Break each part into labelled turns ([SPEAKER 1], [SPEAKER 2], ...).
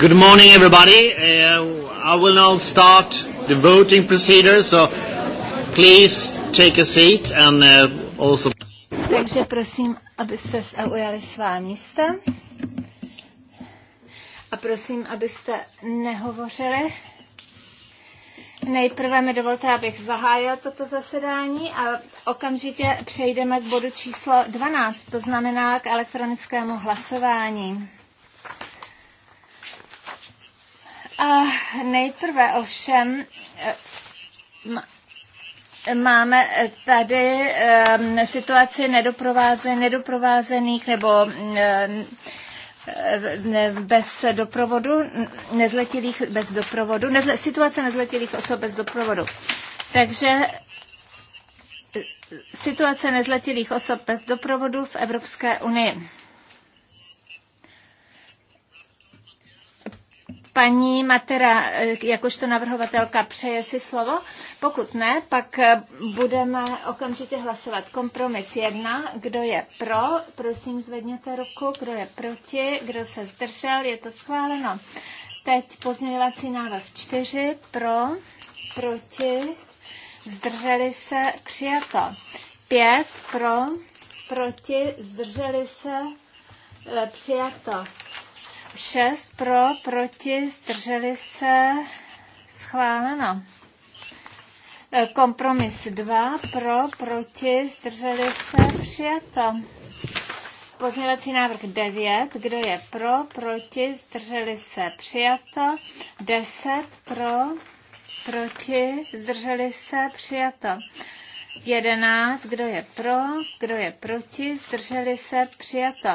[SPEAKER 1] Good morning, everybody. Uh, I will now start the voting procedure, so please take a seat and uh, also...
[SPEAKER 2] Takže prosím, abyste zaujali svá místa. A prosím, abyste nehovořili. Nejprve mi dovolte, abych zahájil toto zasedání a okamžitě přejdeme k bodu číslo 12, to znamená k elektronickému hlasování. A eh, nejprve ovšem eh, Máme tady eh, situaci nedoprovázených nebo bez doprovodu, nezletilých bez doprovodu, nezle, situace nezletilých osob bez doprovodu. Takže situace nezletilých osob bez doprovodu v Evropské unii. Paní Matera, eh, jakožto navrhovatelka, přeje si slovo? Pokud ne, pak eh, budeme okamžitě hlasovat. Kompromis jedna, kdo je pro, prosím zvedněte ruku, kdo je proti, kdo se zdržel, je to schváleno. Teď pozměňovací návrh čtyři, pro, proti, zdrželi se, přijato. Pět, pro, proti, zdrželi se, eh, přijato. 6 pro, proti, zdrželi se, schváleno. E, kompromis 2 pro, proti, zdrželi se, přijato. Pozměňovací návrh 9, kdo je pro, proti, zdrželi se, přijato. 10 pro, proti, zdrželi se, přijato. 11, kdo je pro, kdo je proti, zdrželi se, přijato.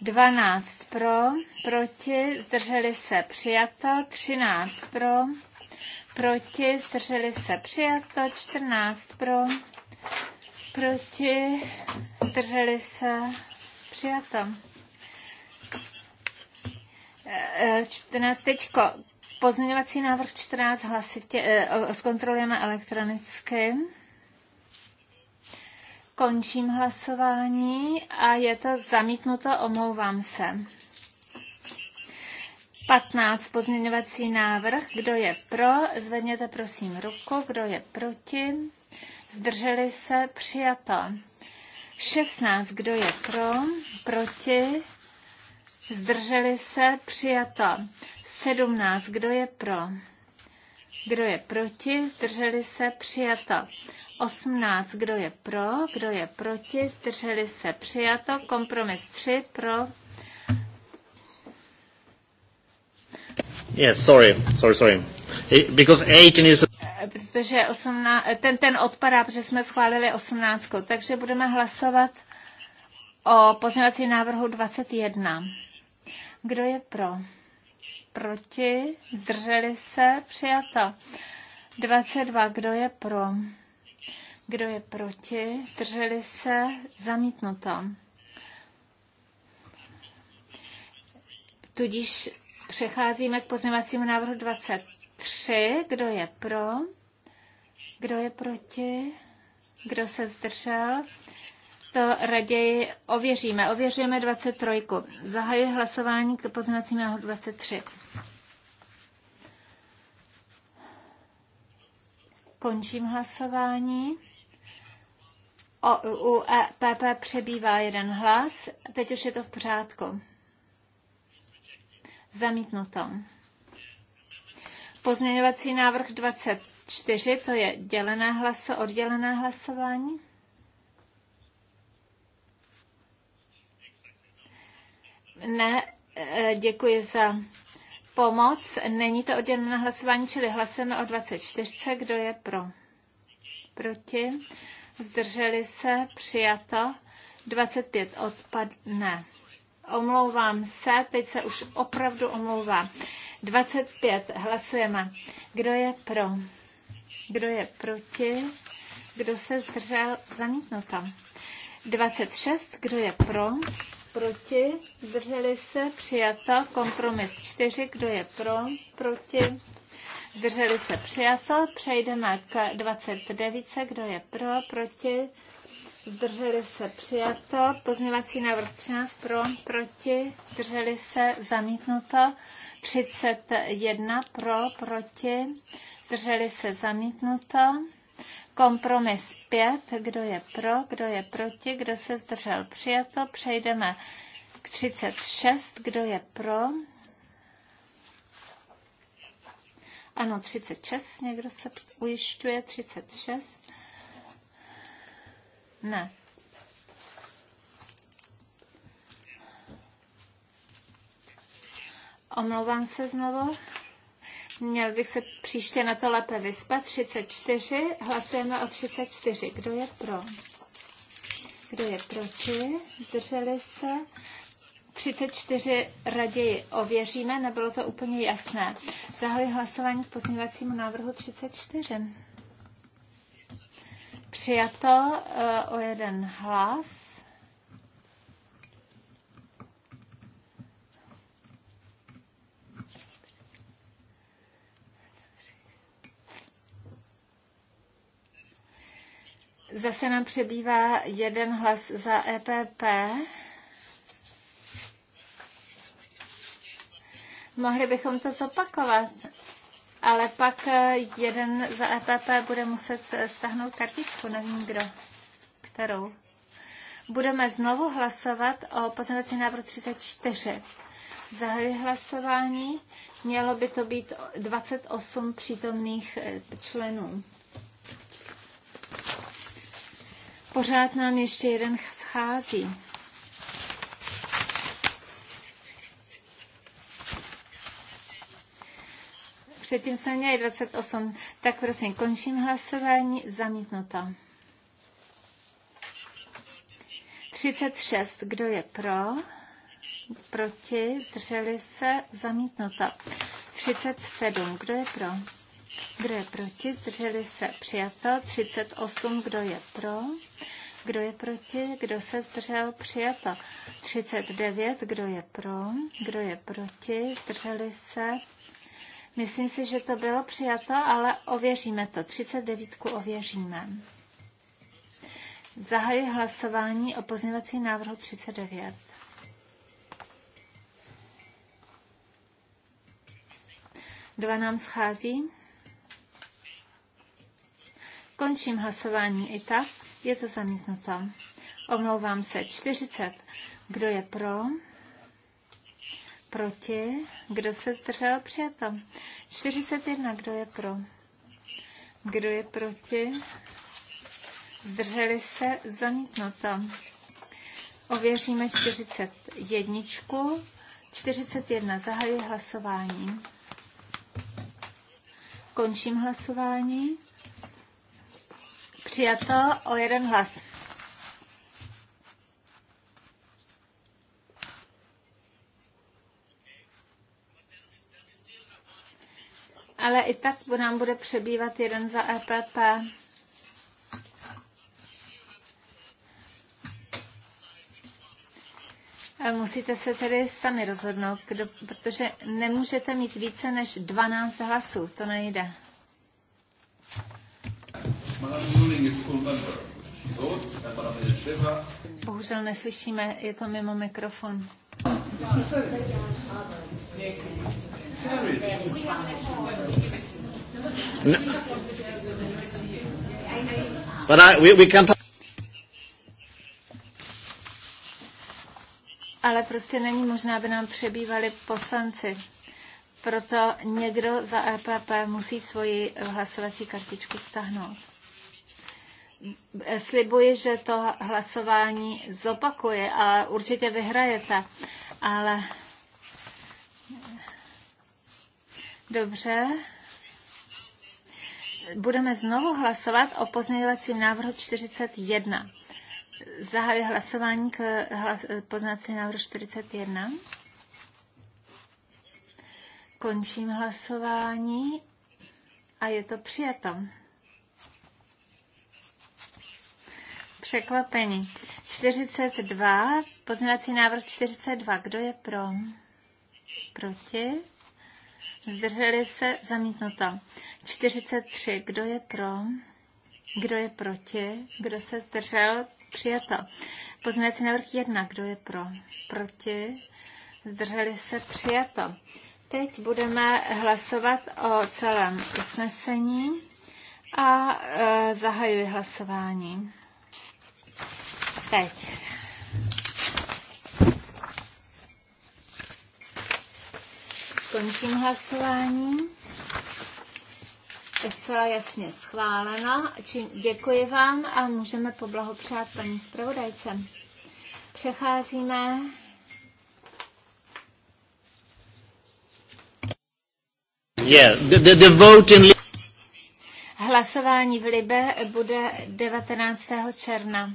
[SPEAKER 2] 12 pro, proti, zdrželi se, přijato. 13 pro, proti, zdrželi se, přijato. 14 pro, proti, zdrželi se, přijato. 14. Pozměňovací návrh 14 hlasitě, eh, zkontrolujeme elektronicky. Končím hlasování a je to zamítnuto, omlouvám se. 15. Pozměňovací návrh. Kdo je pro? Zvedněte prosím ruku. Kdo je proti? Zdrželi se? Přijato. 16. Kdo je pro? Proti? Zdrželi se? Přijato. 17. Kdo je pro? Kdo je proti? Zdrželi se? Přijato. 18, kdo je pro, kdo je proti, zdrželi se přijato, kompromis 3 pro.
[SPEAKER 1] Yes, sorry, sorry, sorry. Because 18 is...
[SPEAKER 2] Protože 18, ten, ten odpadá, protože jsme schválili 18, takže budeme hlasovat o pozměňovací návrhu 21. Kdo je pro? Proti? Zdrželi se? Přijato. 22. Kdo je pro? Kdo je proti? Zdrželi se? Zamítnuto. Tudíž přecházíme k pozměvacímu návrhu 23. Kdo je pro? Kdo je proti? Kdo se zdržel? To raději ověříme. Ověřujeme 23. Zahajuji hlasování k pozměvacímu návrhu 23. Končím hlasování. O, u PP e přebývá jeden hlas, teď už je to v pořádku. Zamítnuto. Pozměňovací návrh 24, to je dělené hlaso, oddělené hlasování. Ne, e, děkuji za pomoc. Není to oddělené hlasování, čili hlasujeme o 24. Kdo je pro? Proti? zdrželi se, přijato, 25 odpadne. Omlouvám se, teď se už opravdu omlouvám. 25 hlasujeme. Kdo je pro? Kdo je proti? Kdo se zdržel? Zamítnuto. 26. Kdo je pro? Proti? Zdrželi se? Přijato. Kompromis 4. Kdo je pro? Proti? zdrželi se přijato. Přejdeme k 29. Kdo je pro, proti, zdrželi se přijato. Pozměvací návrh 13 pro, proti, zdrželi se zamítnuto. 31 pro, proti, zdrželi se zamítnuto. Kompromis 5, kdo je pro, kdo je proti, kdo se zdržel přijato. Přejdeme k 36, kdo je pro, Ano, 36, někdo se ujišťuje, 36. Ne. Omlouvám se znovu. Měl bych se příště na to lépe vyspat. 34. Hlasujeme o 34. Kdo je pro? Kdo je proti? Drželi se? 34 raději ověříme, nebylo to úplně jasné. Zahajuji hlasování k pozměňovacímu návrhu 34. Přijato eh, o jeden hlas. Zase nám přebývá jeden hlas za EPP. Mohli bychom to zopakovat, ale pak eh, jeden za EPP bude muset eh, stáhnout kartičku, nevím kdo, kterou. Budeme znovu hlasovat o pozměňovací návrh 34. Zahajuji hlasování. Mělo by to být 28 přítomných eh, členů. Pořád nám ještě jeden schází. předtím jsme měli 28. Tak prosím, končím hlasování. Zamítnuto. 36. Kdo je pro? Proti? Zdrželi se? Zamítnuto. 37. Kdo je pro? Kdo je proti? Zdrželi se? Přijato. 38. Kdo je pro? Kdo je proti? Kdo se zdržel? Přijato. 39. Kdo je pro? Kdo je proti? Zdrželi se? Myslím si, že to bylo přijato, ale ověříme to. 39 ověříme. Zahajuji hlasování o pozměvací návrhu 39. Dva nám schází. Končím hlasování i tak. Je to zamítnuto. Omlouvám se. 40. Kdo je pro? Proti? Kdo se zdržel? Přijato. 41. Kdo je pro? Kdo je proti? Zdrželi se? Zamítnuto. Ověříme 41. 41. Zahajuji hlasování. Končím hlasování. Přijato o jeden hlas. ale i tak nám bude přebývat jeden za EPP. Musíte se tedy sami rozhodnout, kdo, protože nemůžete mít více než 12 hlasů, to nejde. Bohužel neslyšíme, je to mimo mikrofon.
[SPEAKER 3] No.
[SPEAKER 1] But I, we, we can talk.
[SPEAKER 2] Ale prostě není možná, aby nám přebývali poslanci. Proto někdo za EPP musí svoji hlasovací kartičku stáhnout. Slibuji, že to hlasování zopakuje a určitě vyhrajete, ale Dobře. Budeme znovu hlasovat o pozměňovacím návrhu 41. Zahajuji hlasování k hlas, poznacímu návrhu 41. Končím hlasování a je to přijato. Překvapení. 42, pozměňovací návrh 42. Kdo je pro? Proti? zdrželi se, zamítnuto. 43, kdo je pro, kdo je proti, kdo se zdržel, přijato. Pozměňovací návrh 1, kdo je pro, proti, zdrželi se, přijato. Teď budeme hlasovat o celém usnesení a e, zahajuji hlasování. Teď. Končím hlasování. Je zcela jasně schváleno. Čím děkuji vám a můžeme poblahopřát paní zpravodajce. Přecházíme
[SPEAKER 1] Yeah, the, the vote in...
[SPEAKER 2] Hlasování v Libe bude 19. června.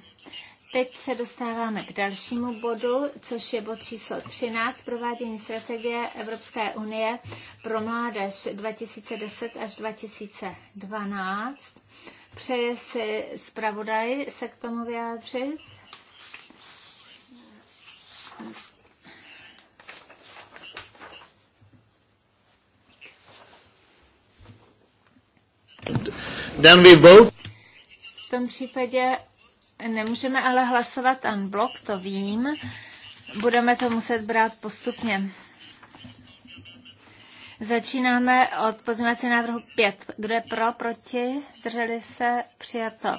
[SPEAKER 2] Teď se dostáváme k dalšímu bodu, což je bod číslo 13, provádění strategie Evropské unie pro mládež 2010 až 2012. Přeje si zpravodaj se k tomu vyjádřit?
[SPEAKER 1] Then we vote.
[SPEAKER 2] V tom případě Nemůžeme ale hlasovat unblock, to vím. Budeme to muset brát postupně. Začínáme od pozměnací návrhu 5. Kdo je pro, proti, zdrželi se, přijato.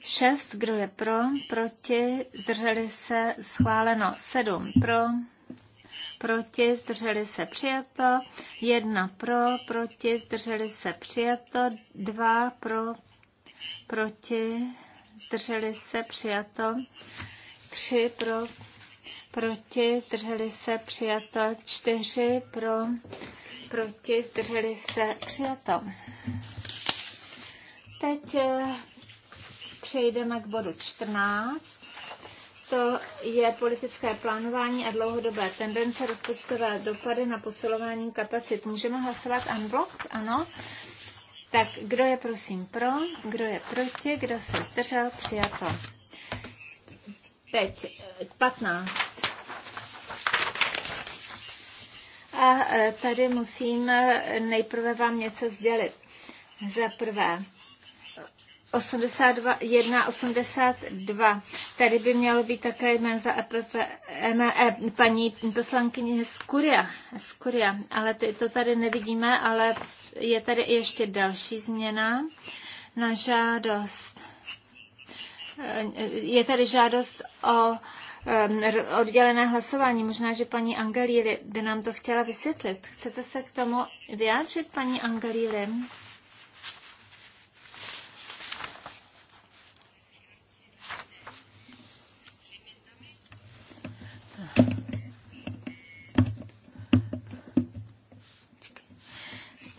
[SPEAKER 2] 6. Kdo je pro, proti, zdrželi se, schváleno. 7. Pro, proti, zdrželi se, přijato. 1. Pro, proti, zdrželi se, přijato. 2. Pro, proti, zdrželi se, přijato. tři pro, proti, zdrželi se, přijato. čtyři pro, proti, zdrželi se, přijato. Teď eh, přejdeme k bodu 14. To je politické plánování a dlouhodobé tendence rozpočtové dopady na posilování kapacit. Můžeme hlasovat unblock? Ano. Tak kdo je prosím pro, kdo je proti, kdo se zdržel, přijato. Teď 15. Eh, A eh, tady musím eh, nejprve vám něco sdělit. Za prvé, 82, 82. Tady by mělo být také jméno za EPP, ME, paní poslankyně Skuria, Skuria, ale ty, to tady nevidíme, ale je tady ještě další změna na žádost. Je tady žádost o oddělené hlasování. Možná, že paní Angelíli by nám to chtěla vysvětlit. Chcete se k tomu vyjádřit, paní Angelíli?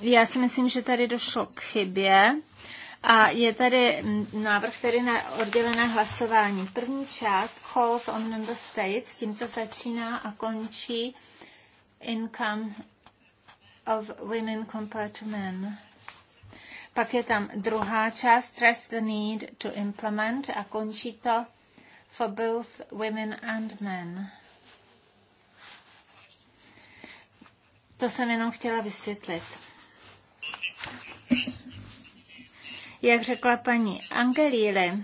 [SPEAKER 2] já si myslím, že tady došlo k chybě. A je tady návrh tedy na oddělené hlasování. První část calls on member states, tímto začíná a končí income of women compared to men. Pak je tam druhá část, stress the need to implement a končí to for both women and men. To jsem jenom chtěla vysvětlit. Jak řekla paní Angelíle,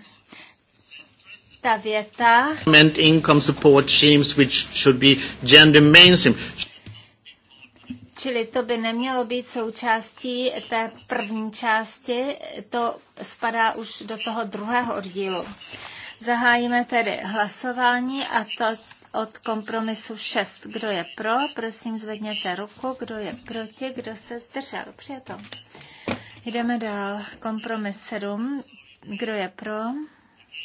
[SPEAKER 2] ta věta
[SPEAKER 1] income support schemes which should be gender mainstream.
[SPEAKER 2] Čili to by nemělo být součástí té první části, to spadá už do toho druhého oddílu. Zahájíme tedy hlasování a to od kompromisu 6. Kdo je pro, prosím zvedněte ruku, kdo je proti, kdo se zdržel. Přijetom. Jdeme dál. Kompromis 7. Kdo je pro?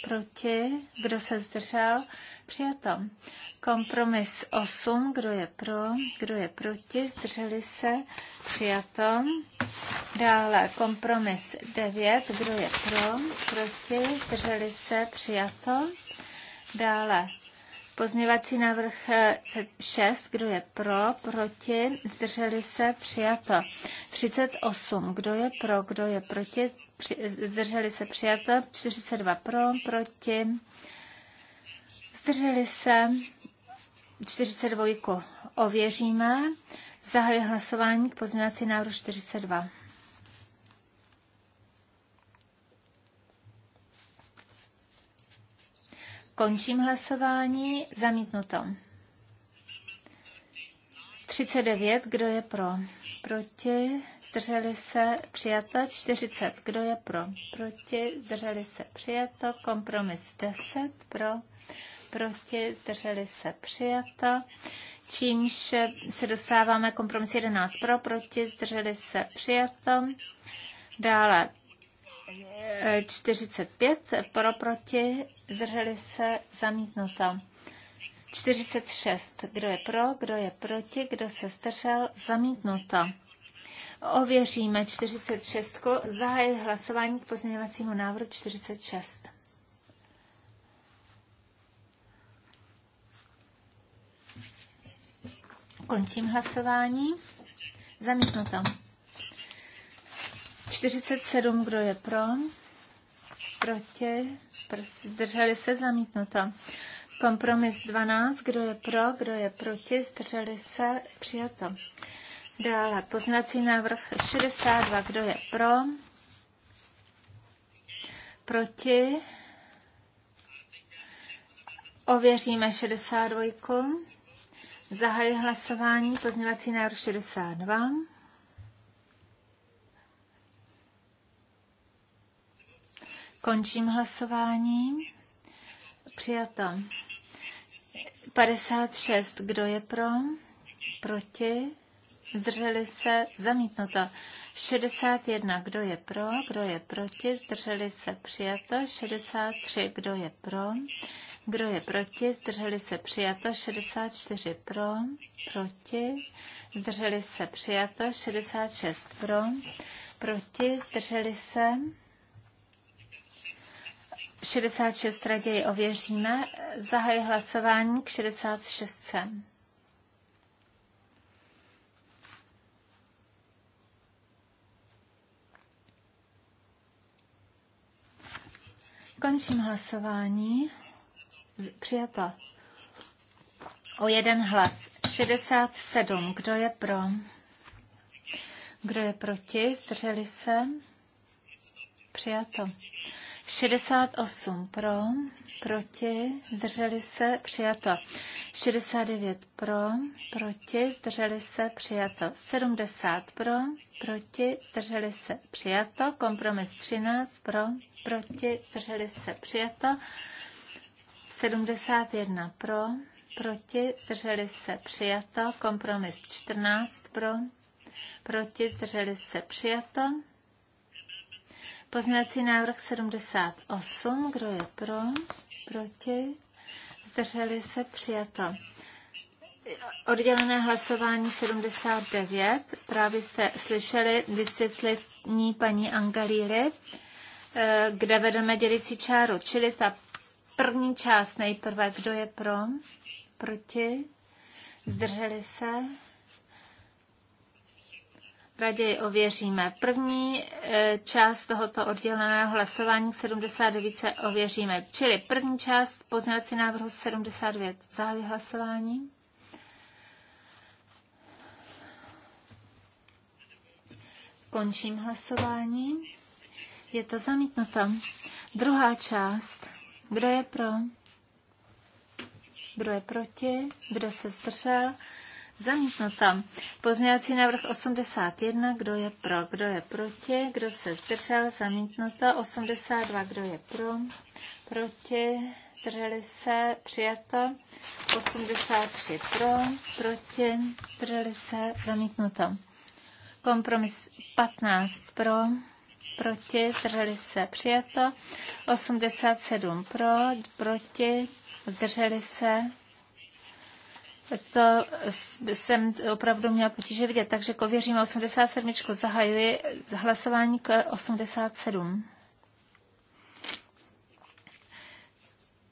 [SPEAKER 2] Proti? Kdo se zdržel? Přijato. Kompromis 8. Kdo je pro? Kdo je proti? Zdrželi se? Přijato. Dále kompromis 9. Kdo je pro? Proti? Zdrželi se? Přijato. Dále Pozměvací návrh 6, eh, kdo je pro, proti, zdrželi se, přijato. 38, kdo je pro, kdo je proti, zdrželi se, přijato. 42 pro, proti, zdrželi se, 42 ověříme. Zahajuji hlasování k pozměvací návrhu 42. Končím hlasování. Zamítnuto. 39. Kdo je pro? Proti. Zdrželi se. Přijato. 40. Kdo je pro? Proti. Zdrželi se. Přijato. Kompromis 10. Pro. Proti. Zdrželi se. Přijato čímž se dostáváme kompromis 11 pro, proti, zdrželi se přijato. Dále 45 pro proti, zdrželi se zamítnuto. 46. Kdo je pro, kdo je proti, kdo se zdržel, zamítnuto. Ověříme 46. Zahájí hlasování k pozměňovacímu návrhu 46. Končím hlasování. Zamítnuto. 47, kdo je pro? Proti? Zdrželi se zamítnuto. Kompromis 12, kdo je pro, kdo je proti, zdrželi se, přijato. Dále poznací návrh 62, kdo je pro, proti, ověříme 62, zahajuji hlasování, poznací návrh 62. Končím hlasování. Přijato. 56. Kdo je pro? Proti? Zdrželi se? Zamítnuto. 61. Kdo je pro? Kdo je proti? Zdrželi se? Přijato. 63. Kdo je pro? Kdo je proti? Zdrželi se? Přijato. 64. Pro? Proti? Zdrželi se? Přijato. 66. Pro? Proti? Zdrželi se? 66 raději ověříme. Zahaj hlasování k 66. Končím hlasování. Přijata. O jeden hlas. 67. Kdo je pro? Kdo je proti? Zdrželi se? Přijato. 68 pro, proti, zdrželi se, přijato. 69 pro, proti, zdrželi se, přijato. 70 pro, proti, zdrželi se, přijato. Kompromis 13 pro, proti, zdrželi se, přijato. 71 pro, proti, zdrželi se, přijato. Kompromis 14 pro, proti, zdrželi se, přijato. Pozměňovací návrh 78. Kdo je pro? Proti? Zdrželi se? Přijato. Oddělené hlasování 79. Právě jste slyšeli vysvětlení paní Angalíry, eh, kde vedeme dělící čáru. Čili ta první část nejprve. Kdo je pro? Proti? Zdrželi se? raději ověříme. První eh, část tohoto odděleného hlasování 79 se ověříme, čili první část poznací návrhu 79. Zahájí hlasování. Končím hlasování. Je to zamítnuto. Druhá část. Kdo je pro? Kdo je proti? Kdo se zdržel? Zamítnuto. Pozměňovací návrh 81, kdo je pro, kdo je proti, kdo se zdržel, zamítnuto. 82, kdo je pro, proti, zdrželi se, přijato. 83 pro, proti, zdrželi se, zamítnuto. Kompromis 15 pro, proti, zdrželi se, přijato. 87 pro, proti, zdrželi se, to jsem opravdu měla potíže vidět, takže kověřím 87. Zahajuji hlasování k 87.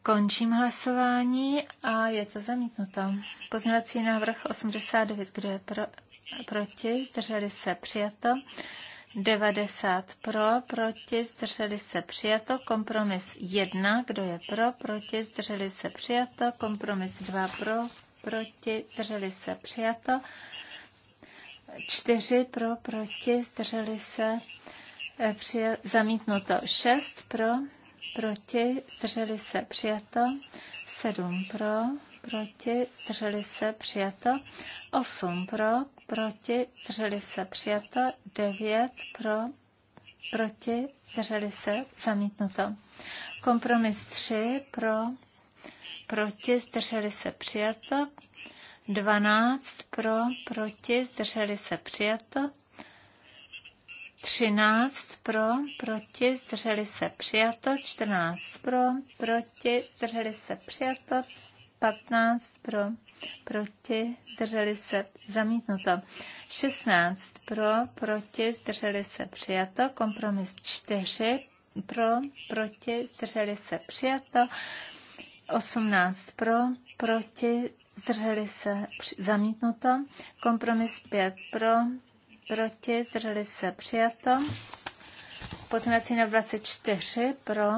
[SPEAKER 2] Končím hlasování a je to zamítnuto. Pozměňovací návrh 89, kdo je pro, proti, zdrželi se přijato. 90 pro, proti, zdrželi se přijato. Kompromis 1, kdo je pro, proti, zdrželi se přijato. Kompromis 2 pro, proti, zdrželi se, přijato. čtyři pro, proti, zdrželi se, eh, přijel, zamítnuto. šest pro, proti, zdrželi se, přijato. sedm pro, proti, zdrželi se, přijato. osm pro, proti, zdrželi se, přijato. devět pro, proti, zdrželi se, zamítnuto. Kompromis tři pro, proti, zdrželi se přijato. 12 pro, proti, zdrželi se přijato. 13 pro, proti, zdrželi se přijato. 14 pro, proti, zdrželi se přijato. 15 pro, proti, zdrželi se zamítnuto. 16 pro, proti, zdrželi se přijato. Kompromis 4 pro, proti, zdrželi se přijato. 18 pro, proti, zdrželi se zamítnuto. Kompromis 5 pro, proti, zdrželi se přijato. Pozměňovací na 24 pro,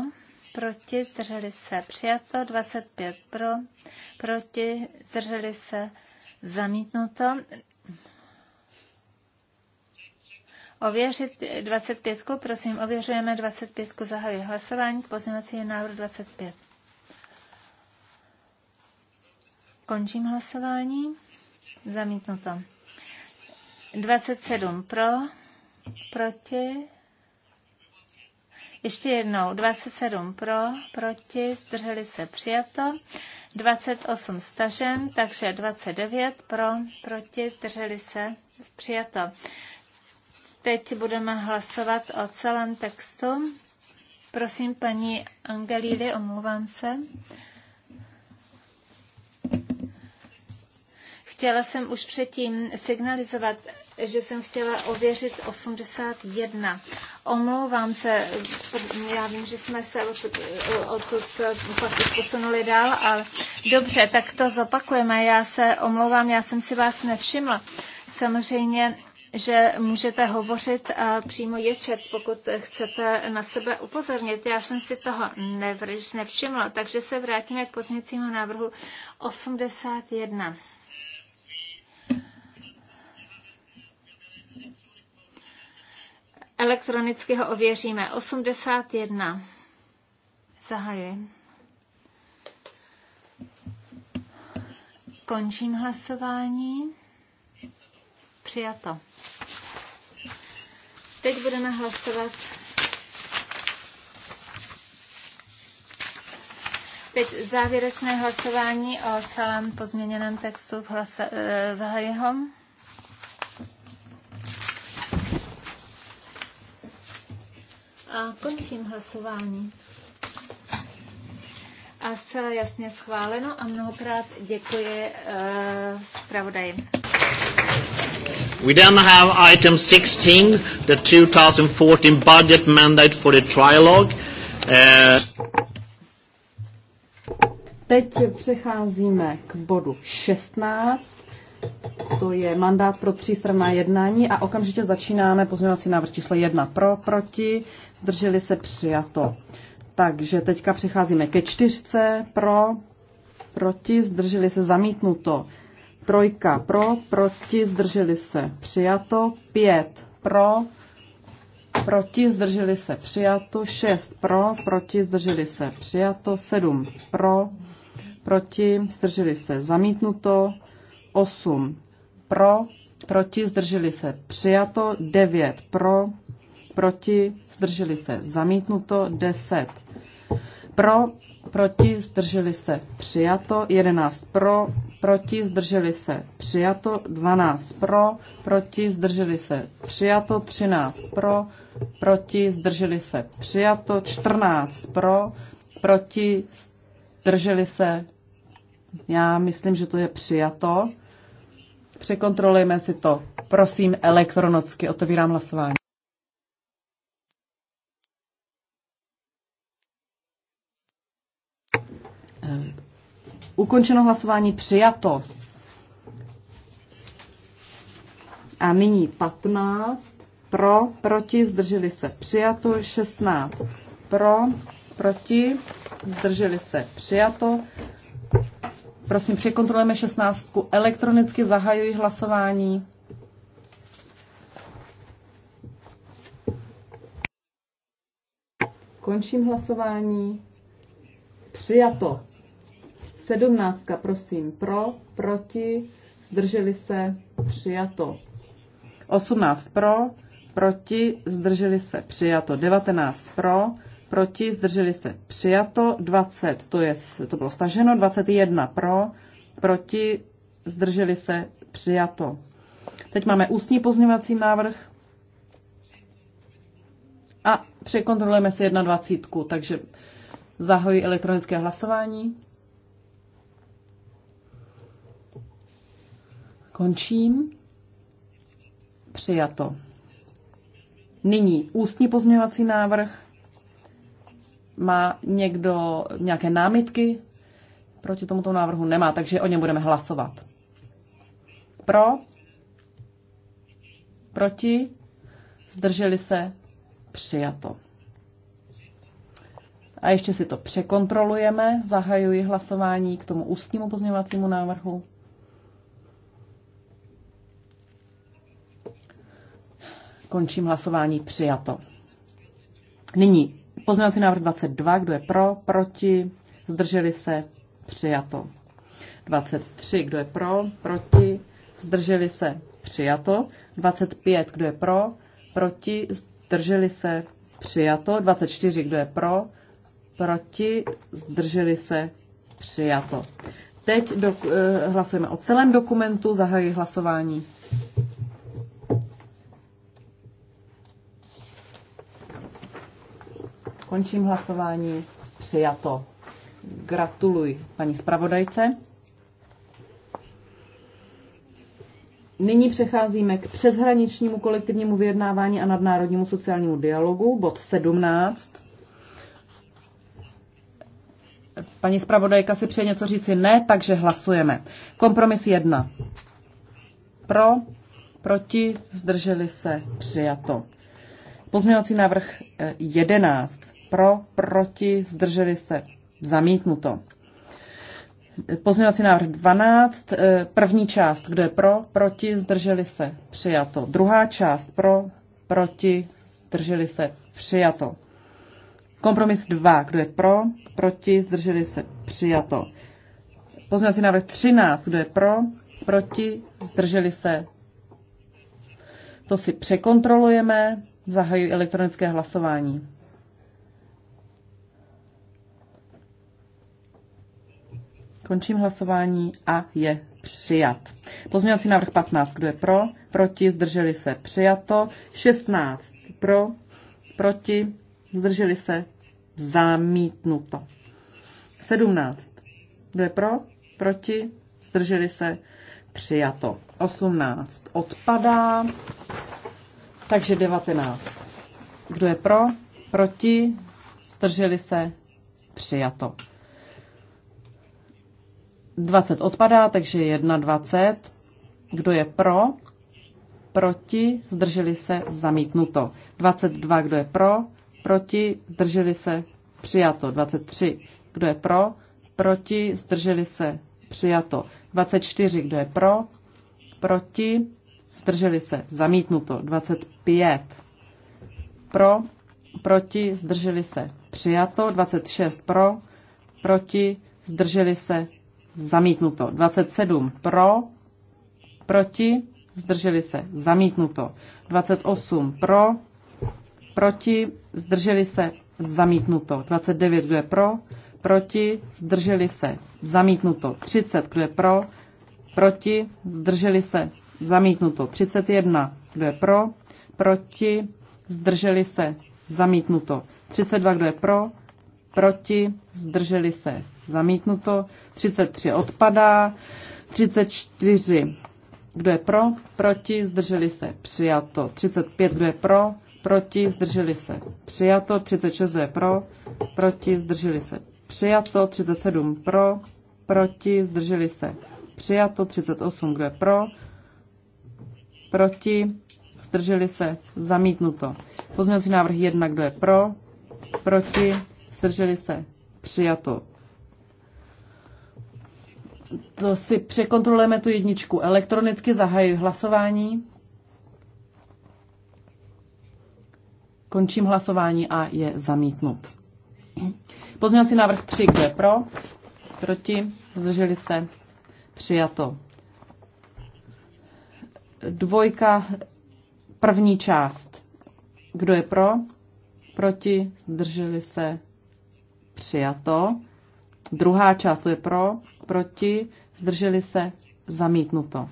[SPEAKER 2] proti, zdrželi se přijato. 25 pro, proti, zdrželi se zamítnuto. Ověřit 25, prosím, ověřujeme 25, zahajuji hlasování k pozměňovacímu návrhu 25. Končím hlasování. Zamítnuto. 27 pro, proti. Ještě jednou. 27 pro, proti, zdrželi se přijato. 28 stažen, takže 29 pro, proti, zdrželi se přijato. Teď budeme hlasovat o celém textu. Prosím, paní Angelíli, omlouvám se. Chtěla jsem už předtím signalizovat, že jsem chtěla ověřit 81. Omlouvám se, já vím, že jsme se odtud pak posunuli dál, ale dobře, tak to zopakujeme. Já se omlouvám, já jsem si vás nevšimla. Samozřejmě že můžete hovořit a přímo ječet, pokud chcete na sebe upozornit. Já jsem si toho nevšimla, takže se vrátíme k pozněcímu návrhu 81. Elektronicky ho ověříme. 81. Zahajuji. Končím hlasování. Přijato. Teď budeme hlasovat. Teď závěrečné hlasování o celém pozměněném textu v hlasa- eh, a končím hlasování. A zcela jasně schváleno a mnohokrát děkuji uh, zpravodaji.
[SPEAKER 1] We then have item 16, the 2014 budget mandate for the trilogue. Uh...
[SPEAKER 3] Teď přecházíme k bodu 16. To je mandát pro třístranná jednání a okamžitě začínáme pozměňovací návrh číslo 1 pro, proti, zdrželi se přijato. Takže teďka přecházíme ke čtyřce pro, proti, zdrželi se zamítnuto. Trojka pro, proti, zdrželi se přijato. Pět pro, proti, zdrželi se přijato. Šest pro, proti, zdrželi se přijato. Sedm pro, proti, zdrželi se zamítnuto. Osm pro, proti, zdrželi se přijato. Devět pro, proti, zdrželi se, zamítnuto, 10 pro, proti, zdrželi se, přijato, 11 pro, proti, zdrželi se, přijato, 12 pro, proti, zdrželi se, přijato, 13 pro, proti, zdrželi se, přijato, 14 pro, proti, zdrželi se, já myslím, že to je přijato. Překontrolujeme si to. Prosím, elektronicky otevírám hlasování. Eh, ukončeno hlasování přijato. A nyní 15. Pro, proti, zdrželi se přijato. 16. Pro, proti, zdrželi se přijato. Prosím, překontrolujeme 16. Elektronicky zahajuji hlasování. Končím hlasování. Přijato. Sedmnáctka, prosím, pro, proti, zdrželi se, přijato. osmnáct pro, proti, zdrželi se, přijato. devatenáct pro, proti, zdrželi se, přijato. dvacet, to, je, to bylo staženo. dvacet jedna pro, proti, zdrželi se, přijato. Teď máme ústní pozměňovací návrh a překontrolujeme si dvacítku, Takže zahojí elektronické hlasování. Končím. Přijato. Nyní ústní pozměňovací návrh. Má někdo nějaké námitky? Proti tomuto návrhu nemá, takže o něm budeme hlasovat. Pro? Proti? Zdrželi se? Přijato. A ještě si to překontrolujeme. Zahajuji hlasování k tomu ústnímu pozměňovacímu návrhu. Končím hlasování přijato. Nyní pozměňovací návrh 22, kdo je pro, proti, zdrželi se, přijato. 23, kdo je pro, proti, zdrželi se, přijato. 25, kdo je pro, proti, zdrželi se, přijato. 24, kdo je pro, proti, zdrželi se, přijato. Teď do, uh, hlasujeme o celém dokumentu, zahajuji hlasování. Končím hlasování. Přijato. Gratuluji paní zpravodajce. Nyní přecházíme k přeshraničnímu kolektivnímu vyjednávání a nadnárodnímu sociálnímu dialogu, bod 17. Paní zpravodajka si přeje něco říci ne, takže hlasujeme. Kompromis 1. Pro, proti, zdrželi se, přijato. Pozměňovací návrh 11. Eh, pro, proti, zdrželi se, zamítnuto. Pozměňovací návrh 12, eh, první část, kdo je pro, proti, zdrželi se, přijato. Druhá část, pro, proti, zdrželi se, přijato. Kompromis 2, kdo je pro, proti, zdrželi se, přijato. Pozměňovací návrh 13, kdo je pro, proti, zdrželi se. To si překontrolujeme, zahajuji elektronické hlasování. Končím hlasování a je přijat. Pozměňovací návrh 15. Kdo je pro? Proti? Zdrželi se? Přijato. 16. Pro? Proti? Zdrželi se? Zamítnuto. 17. Kdo je pro? Proti? Zdrželi se? Přijato. 18. Odpadá. Takže 19. Kdo je pro? Proti? Zdrželi se? Přijato. 20 odpadá, takže 21. Kdo je pro? Proti? Zdrželi se? Zamítnuto. 22. Kdo je pro? Proti? Zdrželi se? Přijato. 23. Kdo je pro? Proti? Zdrželi se? Přijato. 24. Kdo je pro? Proti? Zdrželi se? Zamítnuto. 25. Pro? Proti? Zdrželi se? Přijato. 26. Pro? Proti? Zdrželi se? zamítnuto. 27 pro, proti, zdrželi se, zamítnuto. 28 pro, proti, zdrželi se, zamítnuto. 29, kdo je pro, proti, zdrželi se, zamítnuto. 30, kdo je pro, proti, zdrželi se, zamítnuto. 31, kdo je pro, proti, zdrželi se, zamítnuto. 32, kdo je pro, proti, zdrželi se, Zamítnuto. 33 odpadá. 34. Kdo je pro? Proti. Zdrželi se. Přijato. 35. Kdo je pro? Proti. Zdrželi se. Přijato. 36. Kdo je pro? Proti. Zdrželi se. Přijato. 37. Pro. Proti. Zdrželi se. Přijato. 38. Kdo je pro? Proti. Zdrželi se. Zamítnuto. Pozměňovací návrh 1. Kdo je pro? Proti. Zdrželi se. Přijato to si překontrolujeme tu jedničku. Elektronicky zahajuji hlasování. Končím hlasování a je zamítnut. Pozměňovací návrh 3, kdo je pro? Proti? Zdrželi se? Přijato. Dvojka, první část. Kdo je pro? Proti? Zdrželi se? Přijato. Druhá část, to je pro? proti, zdrželi se, zamítnuto.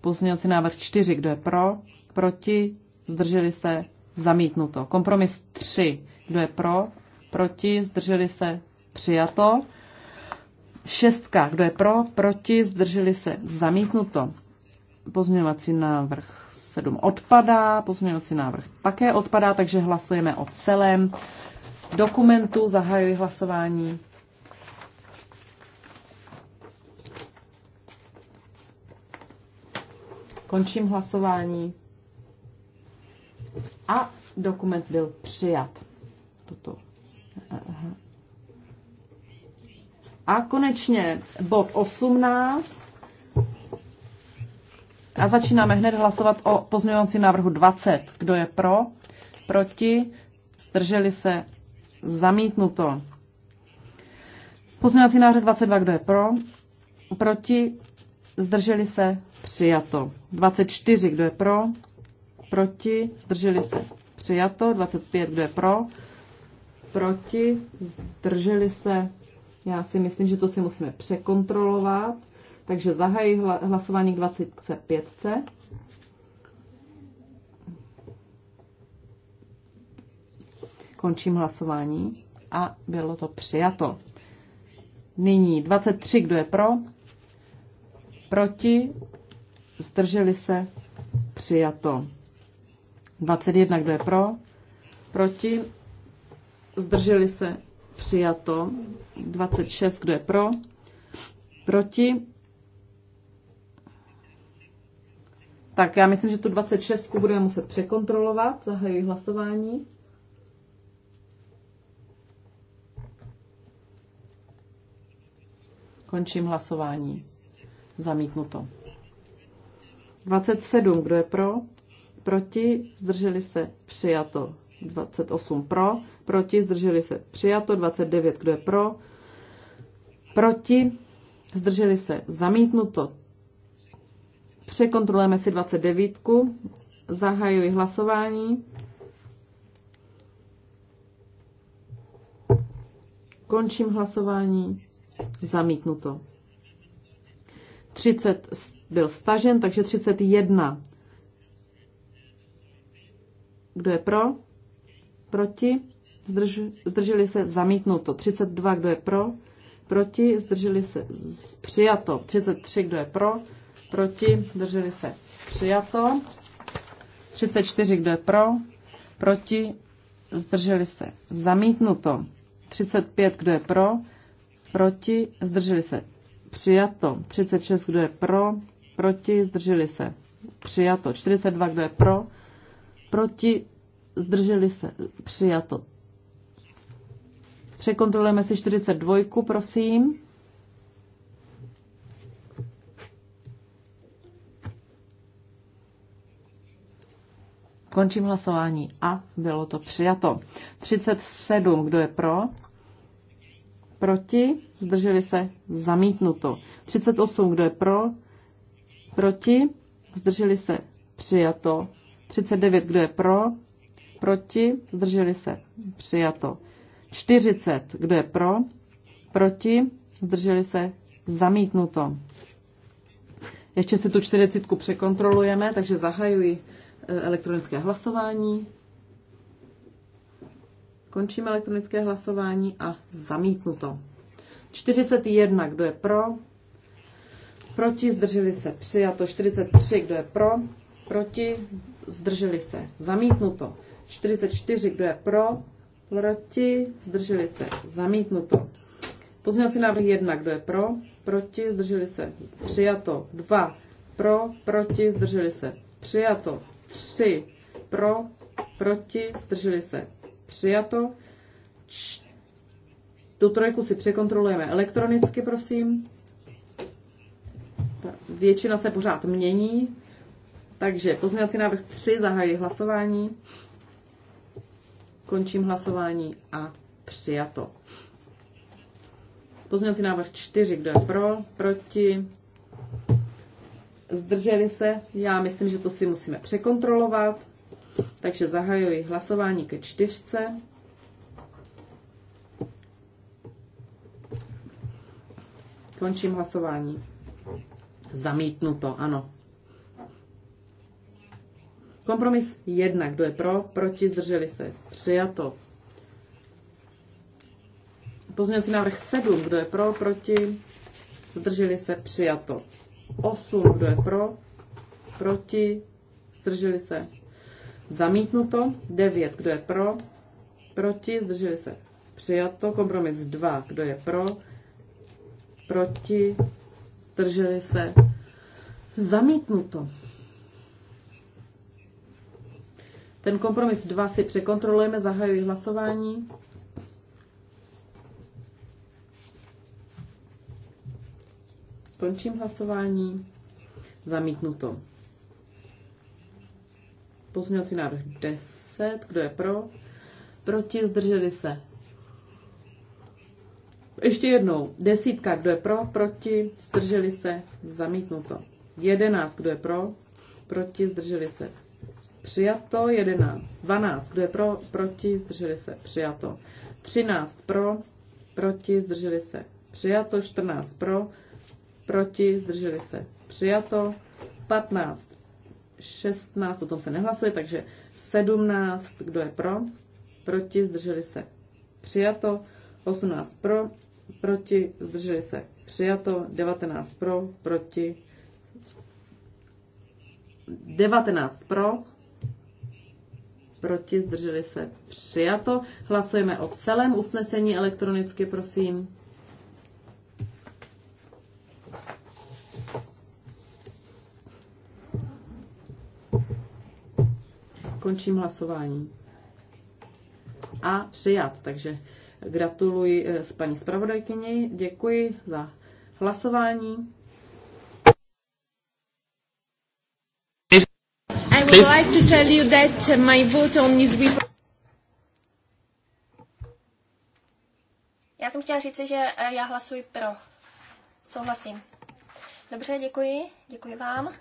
[SPEAKER 3] Pozměňovací návrh 4, kdo je pro, proti, zdrželi se, zamítnuto. Kompromis 3, kdo je pro, proti, zdrželi se, přijato. Šestka, kdo je pro, proti, zdrželi se, zamítnuto. Pozměňovací návrh 7 odpadá, pozměňovací návrh také odpadá, takže hlasujeme o celém dokumentu. Zahajuji hlasování. Končím hlasování. A dokument byl přijat. Toto. A konečně bod 18. A začínáme hned hlasovat o pozměňovacím návrhu 20. Kdo je pro? Proti? Zdrželi se? Zamítnuto. Pozměňovací návrh 22. Kdo je pro? Proti? Zdrželi se? Přijato. 24, kdo je pro? Proti? Zdrželi se? Přijato. 25, kdo je pro? Proti? Zdrželi se? Já si myslím, že to si musíme překontrolovat. Takže zahají hlasování k 25. Končím hlasování a bylo to přijato. Nyní 23, kdo je pro? Proti? zdrželi se, přijato. 21, kdo je pro, proti, zdrželi se, přijato. 26, kdo je pro, proti. Tak já myslím, že tu 26 budeme muset překontrolovat. Zahajuji hlasování. Končím hlasování. Zamítnuto. 27, kdo je pro, proti, zdrželi se, přijato. 28 pro, proti, zdrželi se, přijato. 29, kdo je pro, proti, zdrželi se, zamítnuto. Překontrolujeme si 29. Zahajuji hlasování. Končím hlasování. Zamítnuto. 30 byl stažen, takže 31. Kdo je pro? Proti? Zdrž, zdrželi se zamítnuto. 32, kdo je pro? Proti? Zdrželi se přijato. 33, kdo je pro? Proti? Zdrželi se přijato. 34, kdo je pro? Proti? Zdrželi se zamítnuto. 35, kdo je pro? Proti? Zdrželi se Přijato. 36, kdo je pro? Proti? Zdrželi se. Přijato. 42, kdo je pro? Proti? Zdrželi se. Přijato. Překontrolujeme si 42, prosím. Končím hlasování a bylo to přijato. 37, kdo je pro? proti, zdrželi se, zamítnuto. 38, kdo je pro, proti, zdrželi se, přijato. 39, kdo je pro, proti, zdrželi se, přijato. 40, kdo je pro, proti, zdrželi se, zamítnuto. Ještě si tu čtyřicítku překontrolujeme, takže zahajuji eh, elektronické hlasování. Končím elektronické hlasování a zamítnuto. 41, kdo je pro? Proti, zdrželi se, přijato. 43, kdo je pro? Proti, zdrželi se, zamítnuto. 44, kdo je pro? Proti, zdrželi se, zamítnuto. Pozměňovací návrh 1, kdo je pro? Proti, zdrželi se, přijato. 2, pro, proti, zdrželi se, přijato. 3, pro, proti, zdrželi se, Přijato. Tu trojku si překontrolujeme elektronicky, prosím. Ta většina se pořád mění. Takže pozměňovací návrh 3 zahají hlasování. Končím hlasování a přijato. Pozměňovací návrh 4, kdo je pro, proti, zdrželi se. Já myslím, že to si musíme překontrolovat. Takže zahajuji hlasování ke čtyřce. Končím hlasování. Zamítnuto, ano. Kompromis jedna, Kdo je pro? Proti? Zdrželi se? Přijato. Pozměňovací návrh 7. Kdo je pro? Proti? Zdrželi se? Přijato. 8. Kdo je pro? Proti? Zdrželi se? Zamítnuto. 9. Kdo je pro? Proti. Zdrželi se. Přijato. Kompromis 2. Kdo je pro? Proti. Zdrželi se. Zamítnuto. Ten kompromis 2 si překontrolujeme, zahajuji hlasování. Končím hlasování. Zamítnuto. Pozměňovací návrh 10. Kdo je pro? Proti? Zdrželi se? Ještě jednou. Desítka. Kdo je pro? Proti? Zdrželi se? Zamítnuto. Jedenáct. Kdo je pro? Proti? Zdrželi se? Přijato. Jedenáct. Dvanáct. Kdo je pro? Proti? Zdrželi se? Přijato. Třináct. Pro? Proti? Zdrželi se? Přijato. Čtrnáct. Pro? Proti? Zdrželi se? Přijato. 15 16, o tom se nehlasuje, takže 17, kdo je pro, proti, zdrželi se, přijato, 18 pro, proti, zdrželi se, přijato, 19 pro, proti, 19 pro, proti, zdrželi se, přijato. Hlasujeme o celém usnesení elektronicky, prosím. Končím hlasování. A přijat. Takže gratuluji eh, s paní zpravodajkyni. Děkuji za hlasování. I would like to tell you that my vote on
[SPEAKER 4] Já jsem chtěla říct, že eh, já hlasuji pro. Souhlasím. Dobře, děkuji. Děkuji vám.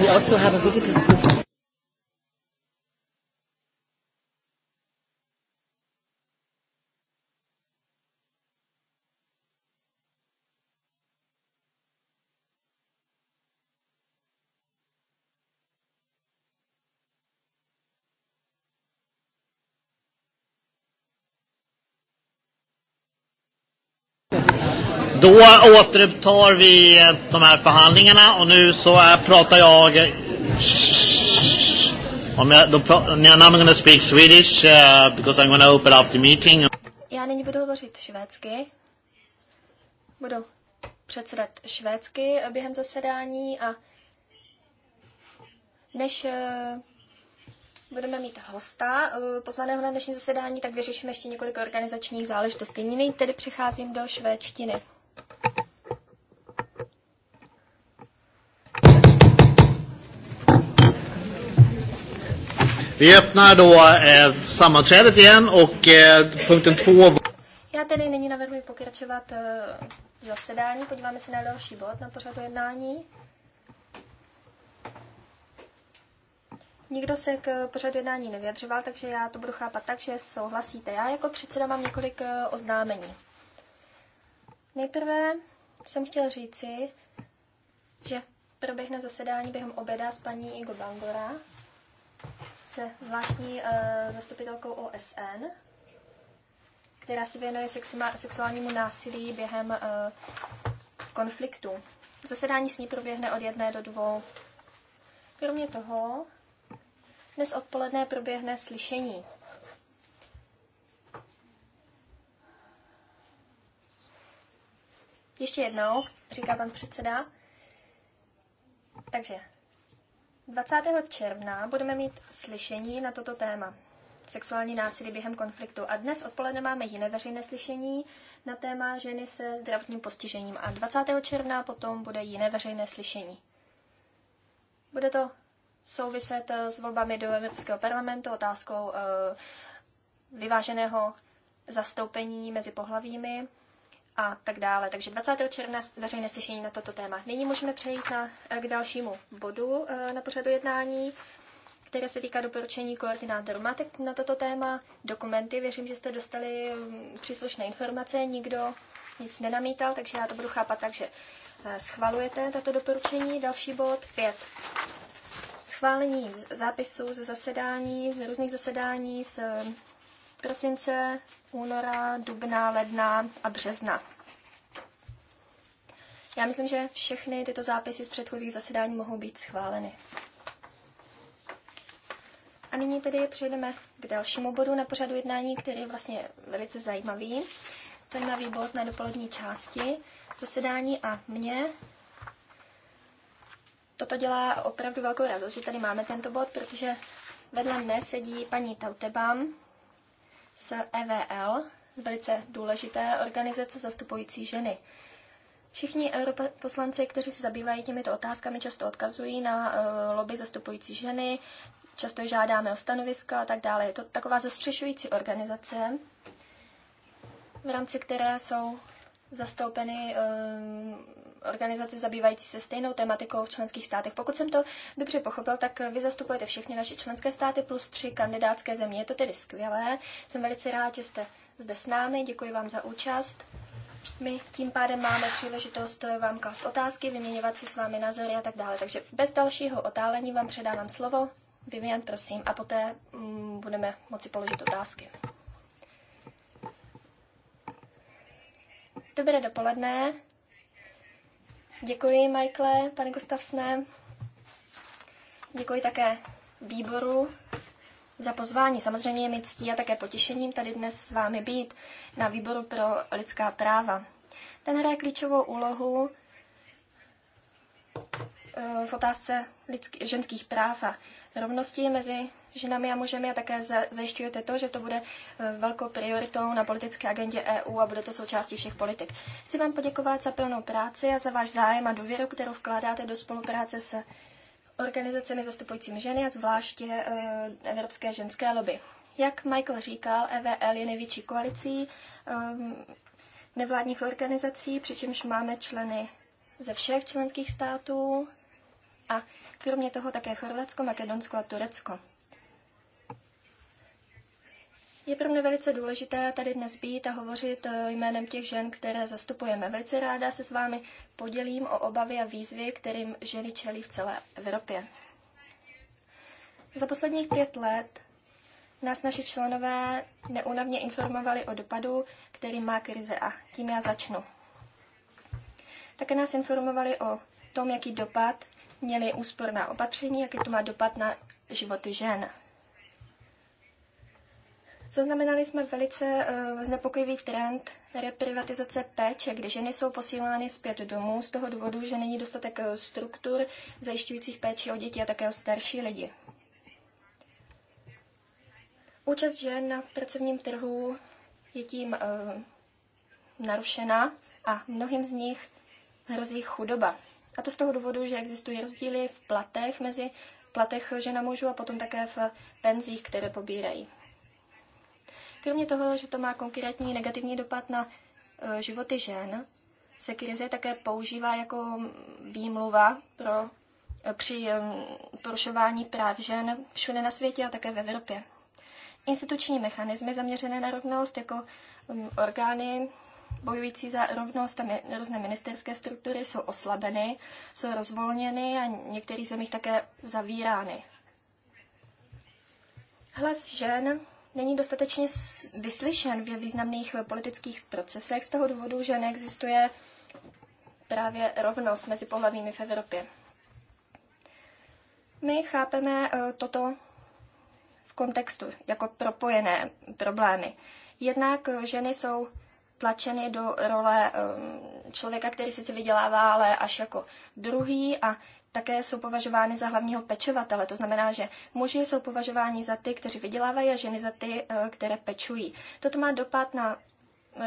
[SPEAKER 2] we also
[SPEAKER 1] have a visitors Då återupptar vi eh, de här förhandlingarna och nu så är, pratar jag... Eh, om jag då pratar, now I'm gonna speak Swedish uh, because I'm gonna open up the meeting.
[SPEAKER 4] Já nyní budu hovořit švédsky. Budu předsedat švédsky během zasedání a než uh, budeme mít hosta uh, pozvaného na dnešní zasedání, tak vyřešíme ještě několik organizačních záležitostí. Nyní tedy přecházím do švédštiny.
[SPEAKER 1] Vi öppnar då eh, sammanträdet
[SPEAKER 4] igen
[SPEAKER 3] och eh, punkten två...
[SPEAKER 4] Já tedy nyní navrhuji pokračovat v eh, zasedání. Podíváme se na další bod na pořadu jednání. Nikdo se k pořadu jednání nevyjadřoval, takže já to budu chápat tak, že souhlasíte. Já jako předseda mám několik eh, oznámení. Nejprve jsem chtěl říci, že proběhne zasedání během oběda s paní Igo Bangora, se zvláštní eh, zastupitelkou OSN, která se věnuje sexuálnímu násilí během eh, konfliktu. Zasedání s ní proběhne od jedné do dvou. Kromě toho, dnes odpoledne proběhne slyšení. Ještě jednou, říká pan předseda. Takže 20. června budeme mít slyšení na toto téma. Sexuální násilí během konfliktu. A dnes odpoledne máme jiné veřejné slyšení na téma ženy se zdravotním postižením. A 20. června potom bude jiné veřejné slyšení. Bude to souviset eh, s volbami do Evropského parlamentu, otázkou eh, vyváženého zastoupení mezi pohlavími a tak dále. Takže 20. června veřejné slyšení na toto téma. Nyní můžeme přejít na, eh, k dalšímu bodu eh, na pořadu jednání, které se týká doporučení koordinátorů. Máte na toto téma dokumenty, věřím, že jste dostali mm, příslušné informace, nikdo nic nenamítal, takže já to budu chápat tak, že eh, schvalujete tato doporučení. Další bod pět. Schválení zápisů ze zasedání, z různých zasedání, z prosince, února, dubna, ledna a března. Já myslím, že všechny tyto zápisy z předchozích zasedání mohou být schváleny. A nyní tedy přejdeme k dalšímu bodu na pořadu jednání, který je vlastně velice zajímavý. Zajímavý bod na dopolední části zasedání a mě toto dělá opravdu velkou radost, že tady máme tento bod, protože vedle mne sedí paní Tautebam z EVL, z velice důležité organizace zastupující ženy. Všichni europoslanci, kteří se zabývají těmito otázkami, často odkazují na uh, lobby zastupující ženy, často žádáme o stanoviska a tak dále. Je to taková zastřešující organizace, v rámci které jsou zastoupeny um, organizace zabývající se stejnou tematikou v členských státech. Pokud jsem to dobře pochopil, tak vy zastupujete všechny naše členské státy plus tři kandidátské země. Je to tedy skvělé. Jsem velice rád, že jste zde s námi. Děkuji vám za účast. My tím pádem máme příležitost eh, vám klást otázky, vyměňovat si s vámi názory a tak dále. Takže bez dalšího otálení vám předávám slovo. Vivian, prosím, a poté mm, budeme moci položit otázky. Dobré dopoledne. Děkuji, Michael, pane Gustavsné. Děkuji také výboru za pozvání. Samozřejmě je mi ctí a také potěšením tady dnes s vámi být na výboru pro lidská práva. Ten hraje klíčovou úlohu eh, v otázce lidský, ženských práv a rovnosti mezi ženami a mužemi a také zajišťujete to, že to bude eh, velkou prioritou na politické agendě EU a bude to součástí všech politik. Chci vám poděkovat za plnou práci a za váš zájem a důvěru, kterou vkládáte do spolupráce se organizacemi zastupujícími ženy a zvláště eh, Evropské ženské lobby. Jak Michael říkal, EVL je největší koalicí ehm, nevládních organizací, přičemž máme členy ze všech členských států a kromě toho také Chorvatsko, Makedonsko a Turecko. Je pro mě velice důležité tady dnes být a hovořit eh, jménem těch žen, které zastupujeme. Velice ráda se s vámi podělím o obavy a výzvy, kterým ženy čelí v celé Evropě. Za posledních pět let nás naši členové neúnavně informovali o dopadu, který má krize a tím já začnu. Také nás informovali o tom, jaký dopad měly úsporná opatření, jaký to má dopad na životy žen. Zaznamenali jsme velice uh, znepokojivý trend reprivatizace péče, kdy ženy jsou posílány zpět domů z toho důvodu, že není dostatek eh, struktur zajišťujících péči o děti a také o starší lidi. Účast žen na pracovním trhu je tím uh, narušena a mnohým z nich hrozí chudoba. A to z toho důvodu, že existují rozdíly v platech mezi platech žena mužů a potom také v penzích, které pobírají. Kromě toho, že to má konkrétní negativní dopad na e, životy žen, se krize také používá jako výmluva pro, e, při e, porušování práv žen všude na světě a také v Evropě. Instituční mechanismy zaměřené na rovnost, jako mm, orgány bojující za rovnost a různé ministerské struktury, jsou oslabeny, jsou rozvolněny a v některých zemích také zavírány. Hlas žen není dostatečně vyslyšen ve významných eh, politických procesech z toho důvodu, že neexistuje právě rovnost mezi pohlavími v Evropě. My chápeme eh, toto v kontextu jako propojené problémy. Jednak eh, ženy jsou tlačeny do role člověka, který sice vydělává, ale až jako druhý a také jsou považovány za hlavního pečovatele. To znamená, že muži jsou považováni za ty, kteří vydělávají a ženy za ty, eh, které pečují. Toto má dopad na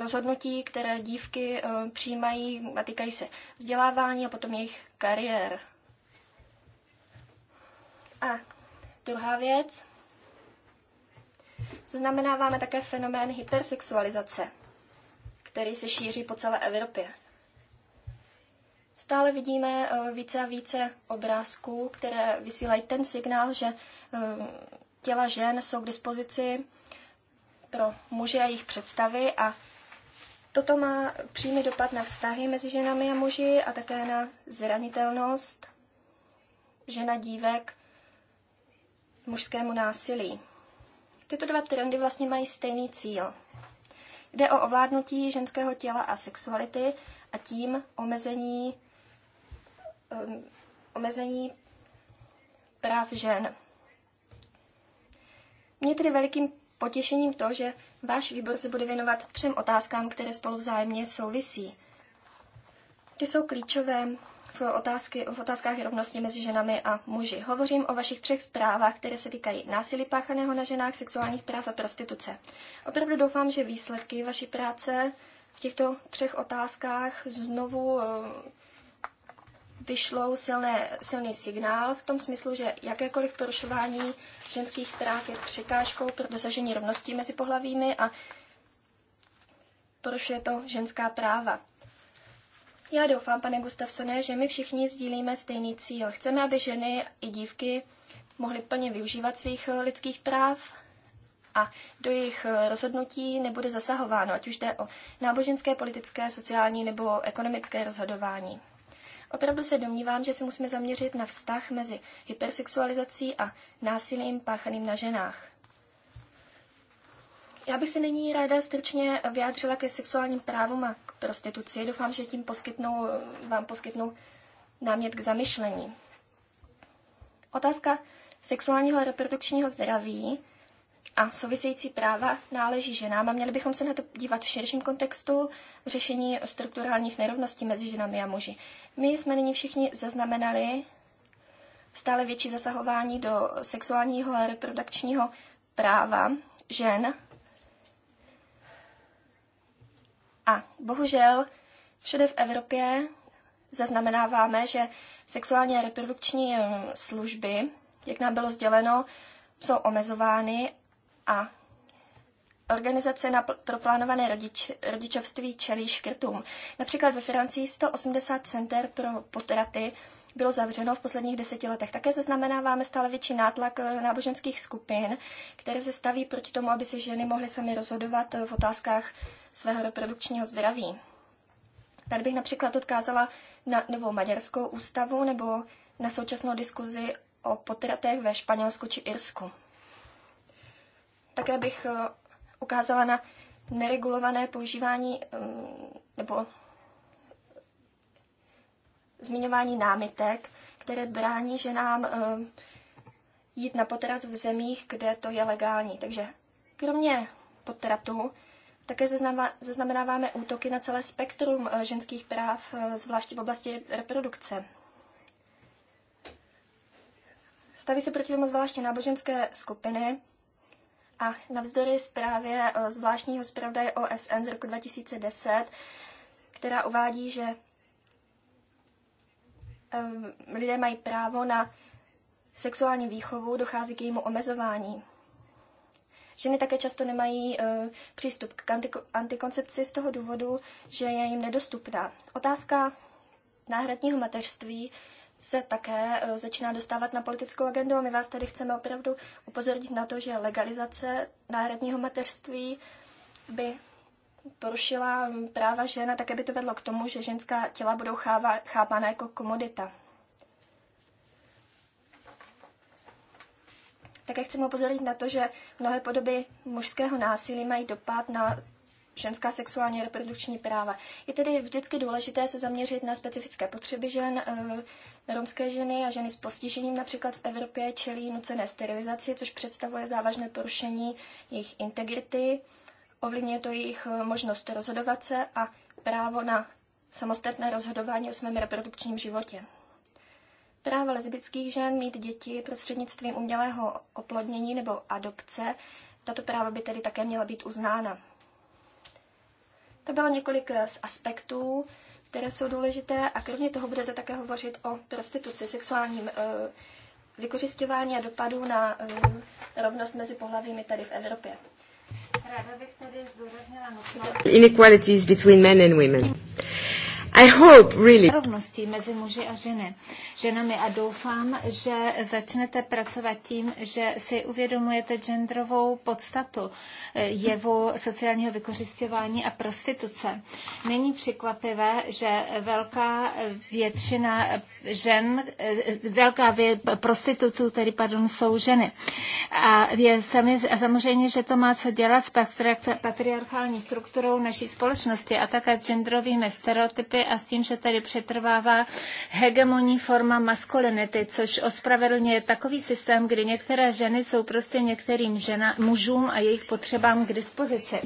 [SPEAKER 4] rozhodnutí, které dívky eh, přijímají a týkají se vzdělávání a potom jejich kariér. A druhá věc. Zaznamenáváme také fenomén hypersexualizace, který se šíří po celé Evropě. Stále vidíme eh, více a více obrázků, které vysílají ten signál, že eh, těla žen jsou k dispozici pro muže a jejich představy a toto má přímý dopad na vztahy mezi ženami a muži a také na zranitelnost žena dívek mužskému násilí. Tyto dva trendy vlastně mají stejný cíl. Jde o ovládnutí ženského těla a sexuality a tím omezení Um, omezení práv žen. Mě tedy velikým potěšením to, že váš výbor se bude věnovat třem otázkám, které spolu vzájemně souvisí. Ty jsou klíčové v, otázky, v otázkách rovnosti mezi ženami a muži. Hovořím o vašich třech zprávách, které se týkají násilí páchaného na ženách, sexuálních práv a prostituce. Opravdu doufám, že výsledky vaší práce v těchto třech otázkách znovu eh, vyšlou silné, silný signál v tom smyslu, že jakékoliv porušování ženských práv je překážkou pro dosažení rovnosti mezi pohlavími a porušuje to ženská práva. Já doufám, pane Gustavsone, že my všichni sdílíme stejný cíl. Chceme, aby ženy i dívky mohly plně využívat svých lidských práv a do jejich rozhodnutí nebude zasahováno, ať už jde o náboženské, politické, sociální nebo ekonomické rozhodování. Opravdu se domnívám, že se musíme zaměřit na vztah mezi hypersexualizací a násilím páchaným na ženách. Já bych se nyní ráda stručně vyjádřila ke sexuálním právům a k prostituci. Doufám, že tím poskytnu vám poskytnu námět k zamyšlení. Otázka sexuálního a reprodukčního zdraví a související práva náleží ženám a měli bychom se na to dívat v širším kontextu v řešení strukturálních nerovností mezi ženami a muži. My jsme nyní všichni zaznamenali stále větší zasahování do sexuálního a reprodukčního práva žen. A bohužel všude v Evropě zaznamenáváme, že sexuálně reprodukční eh, služby, jak nám bylo sděleno, jsou omezovány a organizace na, pro plánované rodič, rodičovství čelí škrtům. Například ve Francii 180 center pro potraty bylo zavřeno v posledních deseti letech. Také zaznamenáváme stále větší nátlak eh, náboženských skupin, které se staví proti tomu, aby si ženy mohly sami rozhodovat eh, v otázkách svého reprodukčního zdraví. Tady bych například odkázala na novou maďarskou ústavu nebo na současnou diskuzi o potratech ve Španělsku či Irsku. Také bych eh, ukázala na neregulované používání eh, nebo zmiňování námitek, které brání ženám eh, jít na potrat v zemích, kde to je legální. Takže kromě potratu také zaznamenáváme útoky na celé spektrum ženských práv, zvláště v oblasti reprodukce. Staví se proti tomu zvláště náboženské skupiny, a navzdory zprávě eh, zvláštního zpravodaje OSN z roku 2010, která uvádí, že ehm, lidé mají právo na sexuální výchovu, dochází k jejímu omezování. Ženy také často nemají eh, přístup k antikoncepci z toho důvodu, že je jim nedostupná. Otázka náhradního mateřství se také e, začíná dostávat na politickou agendu a my vás tady chceme opravdu upozornit na to, že legalizace náhradního mateřství by porušila práva žen a také by to vedlo k tomu, že ženská těla budou chápána jako komodita. Také chceme upozornit na to, že mnohé podoby mužského násilí mají dopad na ženská sexuální a reprodukční práva. Je tedy vždycky důležité se zaměřit na specifické potřeby žen. Eh, romské ženy a ženy s postižením například v Evropě čelí nucené sterilizaci, což představuje závažné porušení jejich integrity, ovlivňuje to jejich eh, možnost rozhodovat se a právo na samostatné rozhodování o svém reprodukčním životě. Práva lesbických žen mít děti prostřednictvím umělého oplodnění nebo adopce, tato práva by tedy také měla být uznána. To bylo několik eh, z aspektů, které jsou důležité a kromě toho budete také hovořit o prostituci, sexuálním eh, vykořišťování a dopadů na eh, rovnost mezi pohlavími tady v Evropě. Ráda bych
[SPEAKER 2] tady zdůraznila nutnost...
[SPEAKER 1] Inequalities between men and women. I hope really.
[SPEAKER 2] mezi muži a ženy, ženami a doufám, že začnete pracovat tím, že si uvědomujete genderovou podstatu eh, jevu sociálního vykořišťování a prostituce. Není překvapivé, že velká většina žen, eh, velká vě, prostitutů, tedy pardon, jsou ženy. A je sami, a samozřejmě, že to má co dělat s patriarchální strukturou naší společnosti a také s genderovými stereotypy a s tím, že tady přetrvává hegemonní forma maskulinity, což ospravedlňuje takový systém, kdy některé ženy jsou prostě některým žena, mužům a jejich potřebám k dispozici.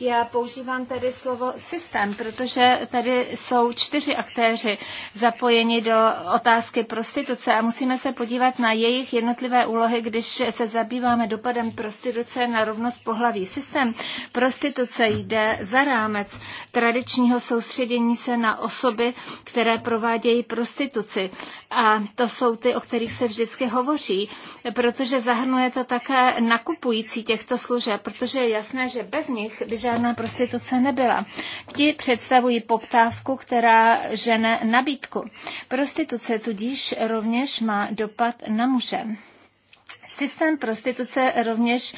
[SPEAKER 2] Já používám tady slovo systém, protože tady jsou čtyři aktéři zapojeni do otázky prostituce a musíme se podívat na jejich jednotlivé úlohy, když se zabýváme dopadem prostituce na rovnost pohlaví. Systém prostituce jde za rámec tradičního soustředění se na osoby, které provádějí prostituci. A to jsou ty, o kterých se vždycky hovoří, protože zahrnuje to také nakupující těchto služeb, protože je jasné, že bez nich by žádná prostituce nebyla. Ti představují poptávku, která žene nabídku. Prostituce tudíž rovněž má dopad na muže. Systém prostituce rovněž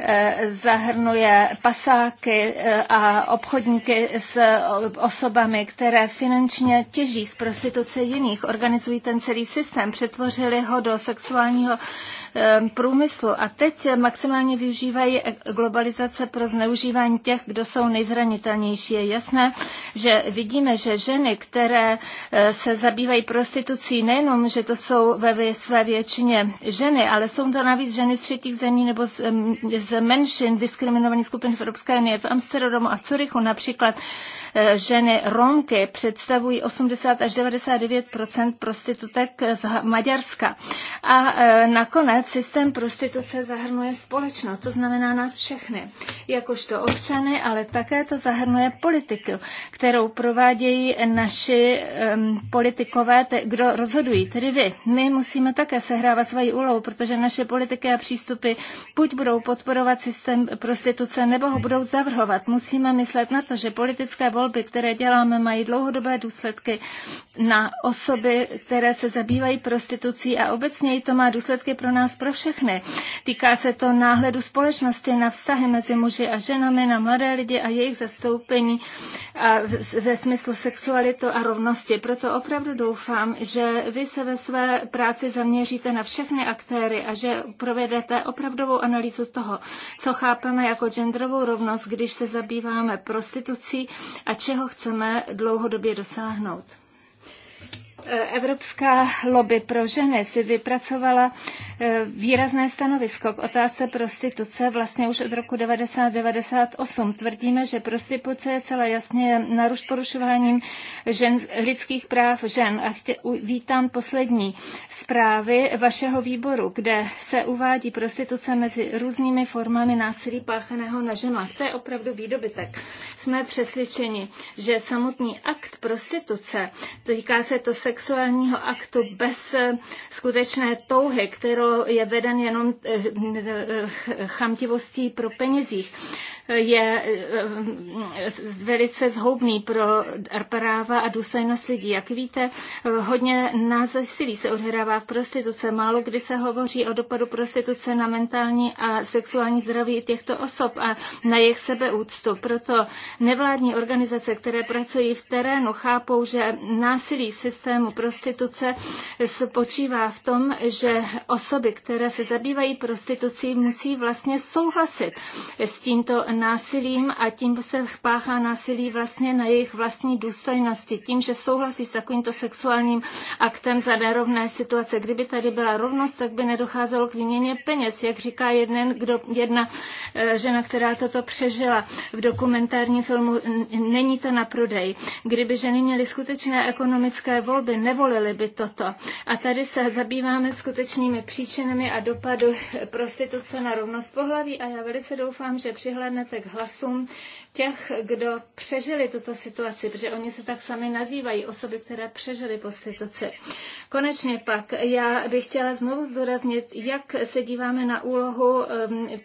[SPEAKER 2] Eh, zahrnuje pasáky eh, a obchodníky s osobami, které finančně těží z prostituce jiných, organizují ten celý systém, přetvořili ho do sexuálního průmyslu a teď maximálně využívají globalizace pro zneužívání těch, kdo jsou nejzranitelnější. Je jasné, že vidíme, že ženy, které e, se zabývají prostitucí, nejenom, že to jsou ve své většině ženy, ale jsou to navíc ženy z třetích zemí nebo z, z menšin diskriminovaných skupin v Evropské unii, V Amsterdamu a v Curychu například Eh, ženy Romky představují 80 až 99 prostitutek z Maďarska. A eh, nakonec systém prostituce zahrnuje společnost, to znamená nás všechny, jakožto občany, ale také to zahrnuje politiku, kterou provádějí naši um, politikové, te, kdo rozhodují, tedy vy. My musíme také sehrávat svoji úlohu, protože naše politiky a přístupy buď budou podporovat systém prostituce, nebo ho budou zavrhovat. Musíme myslet na to, že politické volby, které děláme, mají dlouhodobé důsledky na osoby, které se zabývají prostitucí a obecně to má důsledky pro nás, pro všechny. Týká se to náhledu společnosti na vztahy mezi muži a ženami, na mladé lidi a jejich zastoupení a ve smyslu sexualitu a rovnosti. Proto opravdu doufám, že vy se ve své práci zaměříte na všechny aktéry a že provedete opravdovou analýzu toho, co chápeme jako genderovou rovnost, když se zabýváme prostitucí a čeho chceme dlouhodobě dosáhnout. Evropská lobby pro ženy si vypracovala Eh, výrazné stanovisko k otázce prostituce vlastně už od roku 1998 Tvrdíme, že prostituce je celé jasně naruš porušováním žen, lidských práv žen. A chtě, vítám poslední zprávy vašeho výboru, kde se uvádí prostituce mezi různými formami násilí páchaného na ženách. To je opravdu výdobytek. Jsme přesvědčeni, že samotný akt prostituce, týká se to sexuálního aktu bez eh, skutečné touhy, kterou je veden jenom eh, eh, eh, chamtivostí pro penězích je eh, velice zhoubný pro práva a důstojnost lidí. Jak víte, hodně násilí se odhrává v prostituce. Málo kdy se hovoří o dopadu prostituce na mentální a sexuální zdraví těchto osob a na jejich sebeúctu. Proto nevládní organizace, které pracují v terénu, chápou, že násilí systému prostituce spočívá v tom, že osoby, které se zabývají prostitucí, musí vlastně souhlasit s tímto násilím a tím se páchá násilí vlastně na jejich vlastní důstojnosti, tím, že souhlasí s takovýmto sexuálním aktem za nerovné situace. Kdyby tady byla rovnost, tak by nedocházelo k výměně peněz, jak říká jeden, kdo, jedna eh, žena, která toto přežila v dokumentárním filmu. Není to na prodej. Kdyby ženy měly skutečné ekonomické volby, nevolily by toto. A tady se zabýváme skutečnými příčinami a dopadu prostituce na rovnost pohlaví a já velice doufám, že přihlédnete dostatek hlasů těch, kdo přežili tuto situaci, protože oni se tak sami nazývají, osoby, které přežili prostituci. Konečně pak, já bych chtěla znovu zdůraznit, jak se díváme na úlohu um,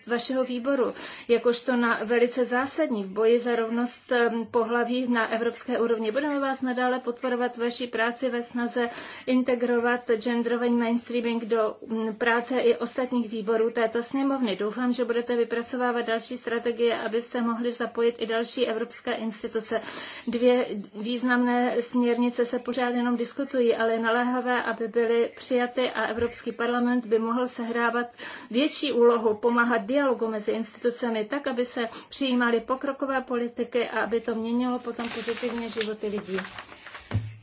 [SPEAKER 2] vašeho výboru, jakožto na velice zásadní v boji za rovnost um, pohlaví na evropské úrovni. Budeme vás nadále podporovat vaší práci ve snaze integrovat genderový mainstreaming do um, práce i ostatních výborů této sněmovny. Doufám, že budete vypracovávat další strategie, abyste mohli zapojit i další evropské instituce. Dvě významné směrnice se pořád jenom diskutují, ale je naléhavé, aby byly přijaty a Evropský parlament by mohl sehrávat větší úlohu, pomáhat dialogu mezi institucemi tak, aby se přijímaly pokrokové politiky a aby to měnilo potom pozitivně životy lidí.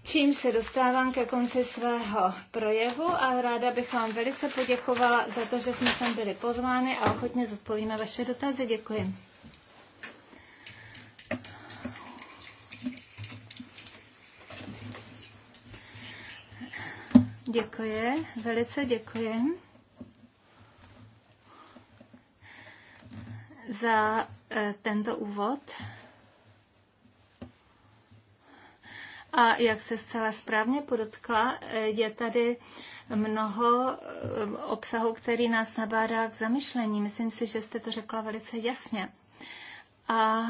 [SPEAKER 2] Čím se dostávám ke konci svého projevu a ráda bych vám velice poděkovala za to, že jsme sem byli pozvány a ochotně zodpovíme vaše dotazy. Děkuji. Děkuji, velice děkuji za eh, tento úvod. A jak se zcela správně podotkla, eh, je tady mnoho eh, obsahu, který nás nabádá k zamyšlení. Myslím si, že jste to řekla velice jasně. A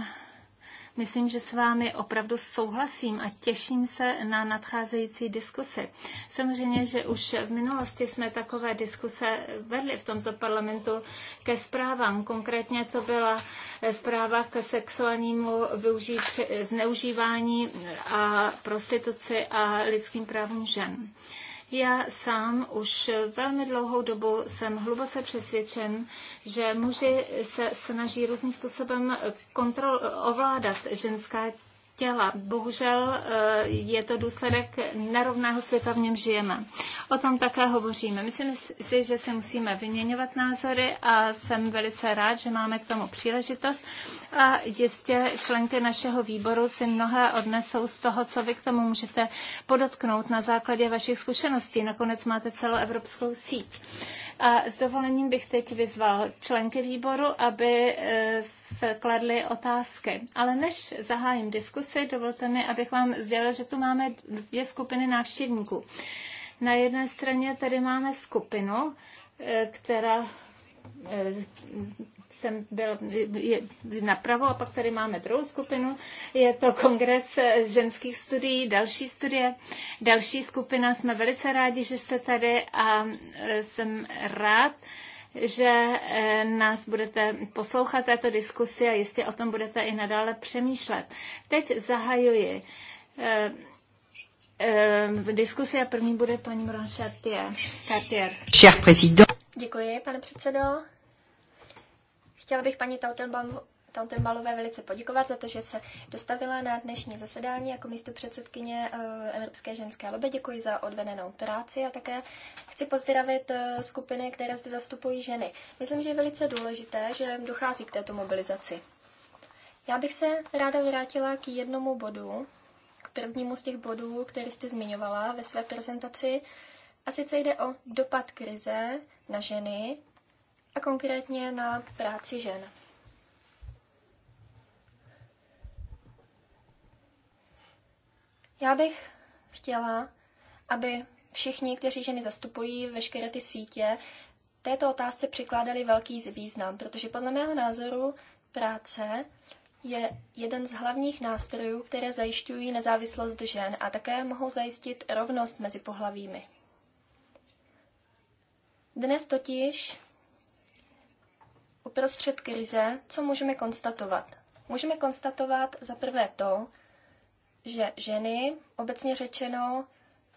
[SPEAKER 2] Myslím, že s vámi opravdu souhlasím a těším se na nadcházející diskusy. Samozřejmě, že už v minulosti jsme takové diskuse vedli v tomto parlamentu ke zprávám. Konkrétně to byla zpráva k sexuálnímu využí, zneužívání a prostituci a lidským právům žen. Já sám už velmi dlouhou dobu jsem hluboce přesvědčen, že muži se snaží různým způsobem kontrol, ovládat ženská chtěla. Bohužel eh, je to důsledek nerovného světa, v něm žijeme. O tom také hovoříme. Myslím si, že se musíme vyměňovat názory a jsem velice rád, že máme k tomu příležitost. A jistě členky našeho výboru si mnohé odnesou z toho, co vy k tomu můžete podotknout na základě vašich zkušeností. Nakonec máte celou evropskou síť. A s dovolením bych teď vyzval členky výboru, aby eh, se kladly otázky. Ale než zahájím diskusi, dovolte mi, abych vám sdělila, že tu máme dvě skupiny návštěvníků. Na jedné straně tady máme skupinu, eh, která eh, jsem byl napravo a pak tady máme druhou skupinu. Je to kongres eh, ženských studií, další studie, další skupina. Jsme velice rádi, že jste tady a eh, jsem rád, že eh, nás budete poslouchat této diskusi a jistě o tom budete i nadále přemýšlet. Teď zahajuji diskusi a první bude paní Moran Chartier.
[SPEAKER 4] Děkuji, pane předsedo. Chtěla bych paní Tautenbalové velice poděkovat za to, že se dostavila na dnešní zasedání jako místo předsedkyně eh, Evropské ženské lobby. Děkuji za odvedenou práci a také chci pozdravit eh, skupiny, které zde zastupují ženy. Myslím, že je velice důležité, že dochází k této mobilizaci. Já bych se ráda vrátila k jednomu bodu, k prvnímu z těch bodů, který jste zmiňovala ve své prezentaci, a sice jde o dopad krize na ženy a konkrétně na práci žen. Já bych chtěla, aby všichni, kteří ženy zastupují, veškeré ty sítě, této otázce přikládali velký význam, protože podle mého názoru práce je jeden z hlavních nástrojů, které zajišťují nezávislost žen a také mohou zajistit rovnost mezi pohlavími. Dnes totiž Uprostřed krize, co můžeme konstatovat? Můžeme konstatovat za prvé to, že ženy, obecně řečeno,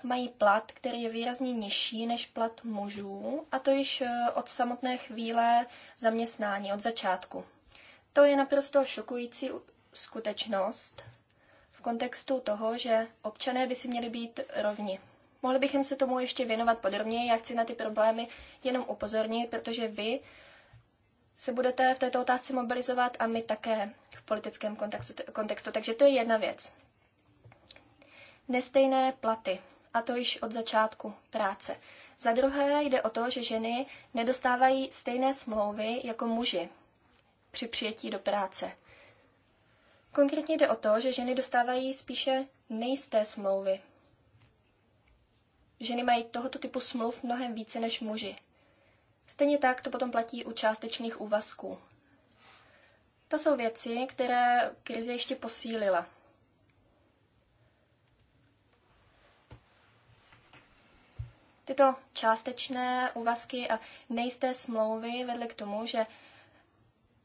[SPEAKER 4] mají plat, který je výrazně nižší než plat mužů, a to již eh, od samotné chvíle zaměstnání, od začátku. To je naprosto šokující skutečnost v kontextu toho, že občané by si měli být rovni. Mohli bychom se tomu ještě věnovat podrobněji, já chci na ty problémy jenom upozornit, protože vy se budete v této otázce mobilizovat a my také v politickém kontextu. kontextu. Takže to je jedna věc. Nestejné platy, a to již od začátku práce. Za druhé jde o to, že ženy nedostávají stejné smlouvy jako muži při přijetí do práce. Konkrétně jde o to, že ženy dostávají spíše nejisté smlouvy. Ženy mají tohoto typu smluv mnohem více než muži. Stejně tak to potom platí u částečných úvazků. To jsou věci, které krize ještě posílila. Tyto částečné úvazky a nejisté smlouvy vedly k tomu, že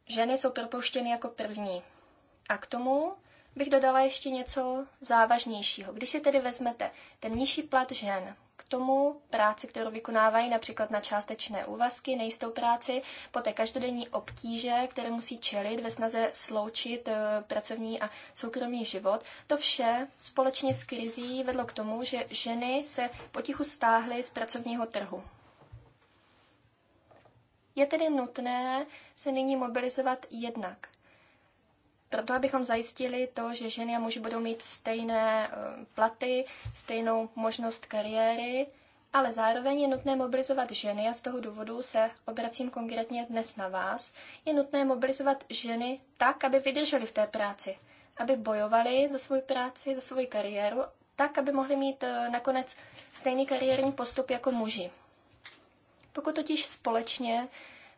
[SPEAKER 4] ženy jsou propuštěny jako první. A k tomu bych dodala ještě něco závažnějšího. Když si tedy vezmete ten nižší plat žen, k tomu práci, kterou vykonávají například na částečné úvazky, nejistou práci, poté každodenní obtíže, které musí čelit ve snaze sloučit eh, pracovní a soukromý život. To vše společně s krizí vedlo k tomu, že ženy se potichu stáhly z pracovního trhu. Je tedy nutné se nyní mobilizovat jednak proto abychom zajistili to, že ženy a muži budou mít stejné eh, platy, stejnou možnost kariéry, ale zároveň je nutné mobilizovat ženy a z toho důvodu se obracím konkrétně dnes na vás. Je nutné mobilizovat ženy tak, aby vydržely v té práci, aby bojovali za svou práci, za svou kariéru, tak, aby mohli mít eh, nakonec stejný kariérní postup jako muži. Pokud totiž společně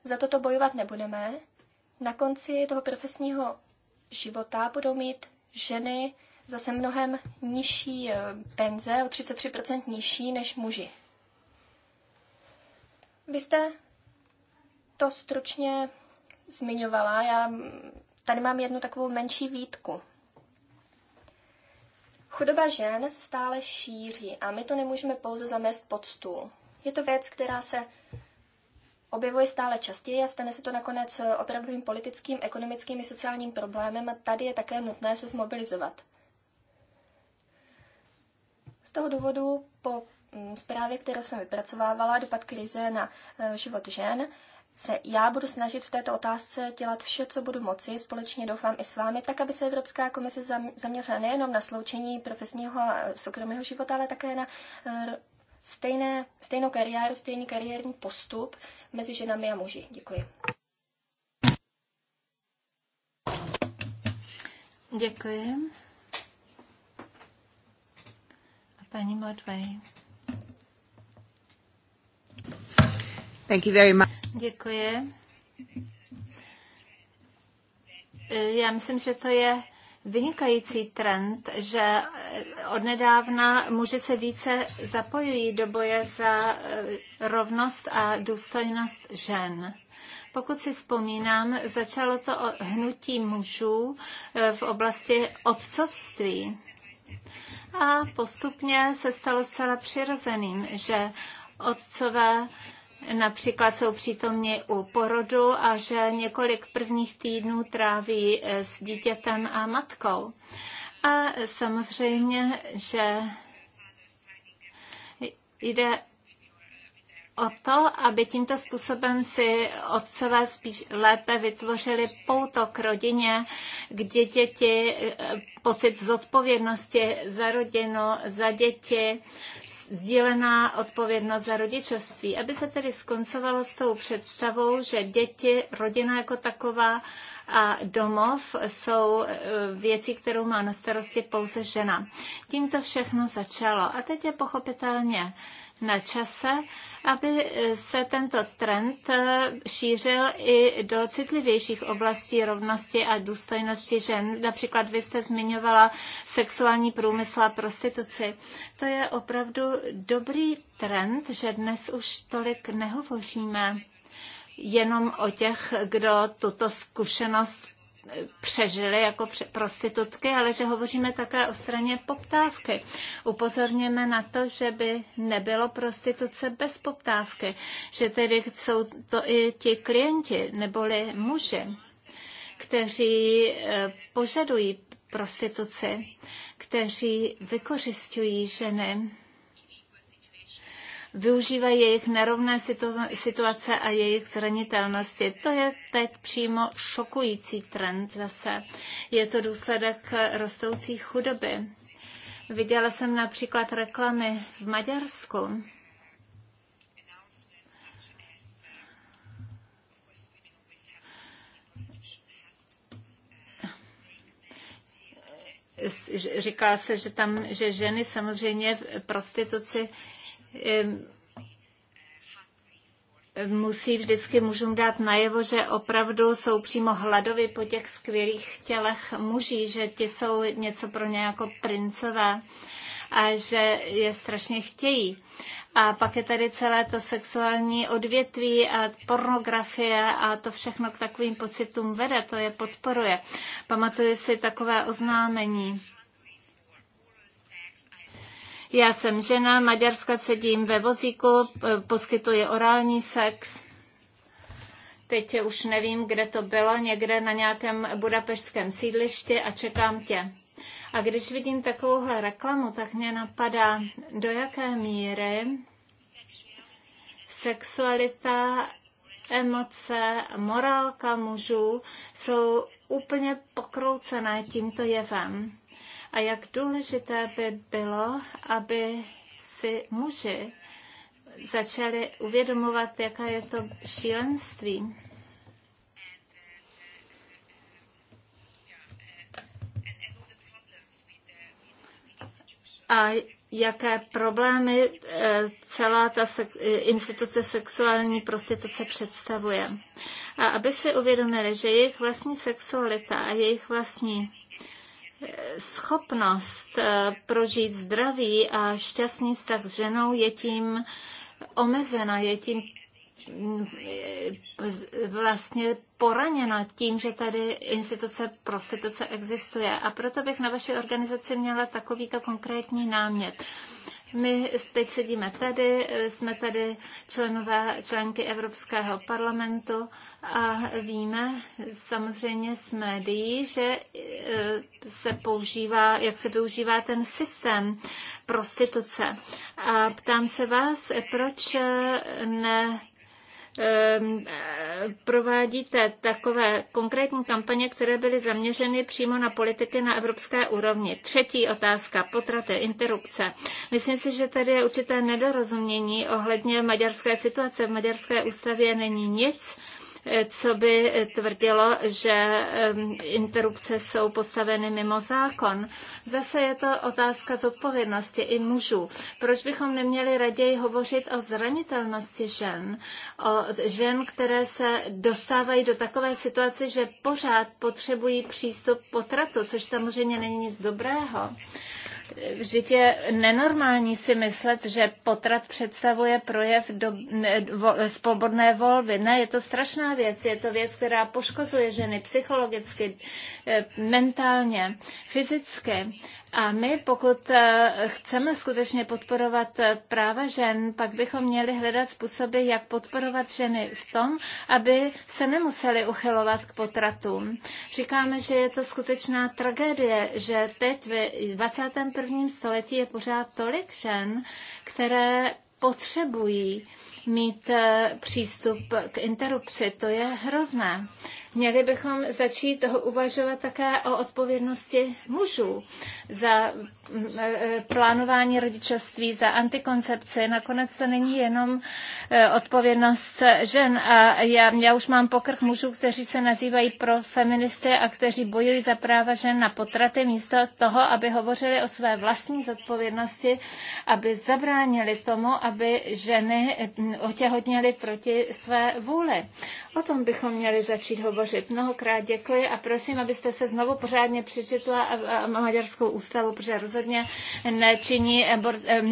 [SPEAKER 4] za toto bojovat nebudeme, na konci toho profesního života budou mít ženy zase mnohem nižší eh, penze, o 33% nižší než muži. Vy jste to stručně zmiňovala. Já tady mám jednu takovou menší výtku. Chudoba žen se stále šíří a my to nemůžeme pouze zamést pod stůl. Je to věc, která se objevuje stále častěji a stane se to nakonec eh, opravdovým politickým, ekonomickým i sociálním problémem a tady je také nutné se zmobilizovat. Z toho důvodu po mm, zprávě, kterou jsem vypracovávala, dopad krize na eh, život žen, se já budu snažit v této otázce dělat vše, co budu moci, společně doufám i s vámi, tak, aby se Evropská komise zaměřila nejenom na sloučení profesního a soukromého života, ale také na eh, stejné, stejnou kariéru, stejný kariérní postup mezi ženami a muži. Děkuji.
[SPEAKER 2] Děkuji. A paní Modvej. Thank you very much. Děkuji. E, Já myslím, že to je vynikající trend, že od nedávna muži se více zapojují do boje za eh, rovnost a důstojnost žen. Pokud si vzpomínám, začalo to hnutí mužů eh, v oblasti otcovství. A postupně se stalo zcela přirozeným, že otcové například jsou přítomni u porodu a že několik prvních týdnů tráví eh, s dítětem a matkou. A samozřejmě, že jde o to, aby tímto způsobem si otcové spíš lépe vytvořili pouto k rodině, k děti, eh, pocit zodpovědnosti za rodinu, za děti, sdílená odpovědnost za rodičovství, aby se tedy skoncovalo s tou představou, že děti, rodina jako taková a domov jsou eh, věci, kterou má na starosti pouze žena. Tím to všechno začalo. A teď je pochopitelně na čase, aby se tento trend šířil i do citlivějších oblastí rovnosti a důstojnosti žen. Například vy jste zmiňovala sexuální průmysl a prostituci. To je opravdu dobrý trend, že dnes už tolik nehovoříme jenom o těch, kdo tuto zkušenost přežily jako prostitutky, ale že hovoříme také o straně poptávky. Upozorněme na to, že by nebylo prostituce bez poptávky, že tedy jsou to i ti klienti neboli muži, kteří eh, požadují prostituci, kteří vykořišťují ženy využívají jejich nerovné situace a jejich zranitelnosti. To je teď přímo šokující trend zase. Je to důsledek rostoucí chudoby. Viděla jsem například reklamy v Maďarsku, říká se, že tam, že ženy samozřejmě v prostituci musí vždycky mužům dát najevo, že opravdu jsou přímo hladoví po těch skvělých tělech muží, že ti jsou něco pro ně jako princové a že je strašně chtějí. A pak je tady celé to sexuální odvětví a pornografie a to všechno k takovým pocitům vede, to je podporuje. Pamatuju si takové oznámení já jsem žena, Maďarska sedím ve vozíku, e, poskytuje orální sex. Teď už nevím, kde to bylo, někde na nějakém budapešském sídlišti a čekám tě. A když vidím takovouhle reklamu, tak mě napadá, do jaké míry sexualita, emoce, morálka mužů jsou úplně pokroucené tímto jevem a jak důležité by bylo, aby si muži začali uvědomovat, jaká je to šílenství. A jaké problémy eh, celá ta instituce sexuální prostituce představuje. A aby si uvědomili, že jejich vlastní sexualita a jejich vlastní schopnost eh, prožít zdravý a šťastný vztah s ženou je tím omezena, je tím mm, eh, vlastně poraněna tím, že tady instituce prostituce existuje. A proto bych na vaší organizaci měla takovýto konkrétní námět. My teď sedíme tady, jsme tady členové, členky Evropského parlamentu a víme samozřejmě z médií, že e, se používá, jak se využívá ten systém prostituce. A ptám se vás, proč ne Ehm, eh, provádíte takové konkrétní kampaně, které byly zaměřeny přímo na politiky na evropské úrovni. Třetí otázka, potraty, interrupce. Myslím si, že tady je určité nedorozumění ohledně maďarské situace. V maďarské ústavě není nic, co by tvrdilo, že interrupce jsou postaveny mimo zákon. Zase je to otázka zodpovědnosti i mužů. Proč bychom neměli raději hovořit o zranitelnosti žen, o žen, které se dostávají do takové situace, že pořád potřebují přístup potratu, což samozřejmě není nic dobrého. Vždyť je nenormální si myslet, že potrat představuje projev do, ne, vo, spobodné volby. Ne, je to strašná věc. Je to věc, která poškozuje ženy psychologicky, eh, mentálně, fyzicky. A my, pokud eh, chceme skutečně podporovat eh, práva žen, pak bychom měli hledat způsoby, jak podporovat ženy v tom, aby se nemuseli uchylovat k potratům. Říkáme, že je to skutečná tragédie, že teď v 21. století je pořád tolik žen, které potřebují mít eh, přístup k interrupci. To je hrozné. Měli bychom začít uvažovat také o odpovědnosti mužů za mm, e, e, plánování rodičovství, za antikoncepci. Nakonec to není jenom e, odpovědnost žen. A já, já už mám pokrk mužů, kteří se nazývají pro feministy a kteří bojují za práva žen na potraty místo toho, aby hovořili o své vlastní zodpovědnosti, aby zabránili tomu, aby ženy mm, otěhodněly proti své vůli. O tom bychom měli začít hovořit hovořit. Mnohokrát děkuji a prosím, abyste se znovu pořádně přečetla Maďarskou ústavu, protože rozhodně nečiní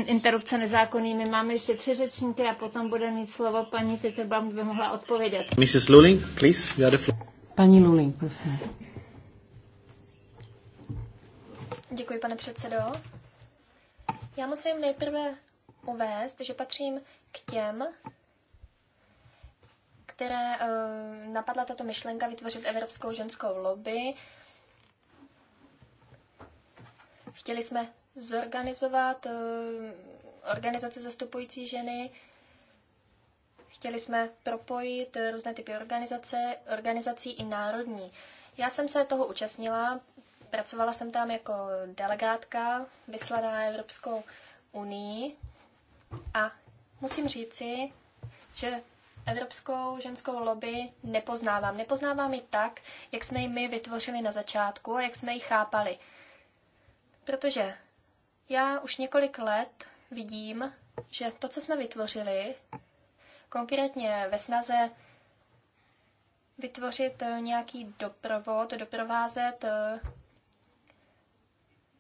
[SPEAKER 2] interrupce nezákonnými. Máme ještě tři řečníky a potom bude mít slovo paní Peterbaum, by mohla odpovědět.
[SPEAKER 1] Mrs. Luling, please, you are the floor.
[SPEAKER 3] Paní Luling, prosím.
[SPEAKER 4] Děkuji, pane předsedo. Já musím nejprve uvést, že patřím k těm, které eh, napadla tato myšlenka vytvořit evropskou ženskou lobby. Chtěli jsme zorganizovat eh, organizace zastupující ženy, chtěli jsme propojit eh, různé typy organizace, organizací i národní. Já jsem se toho účastnila, pracovala jsem tam jako delegátka vyslaná Evropskou unii a musím říci, že evropskou ženskou lobby nepoznávám. Nepoznávám ji tak, jak jsme ji my vytvořili na začátku a jak jsme ji chápali. Protože já už několik let vidím, že to, co jsme vytvořili, konkrétně ve snaze vytvořit eh, nějaký doprovod, doprovázet eh,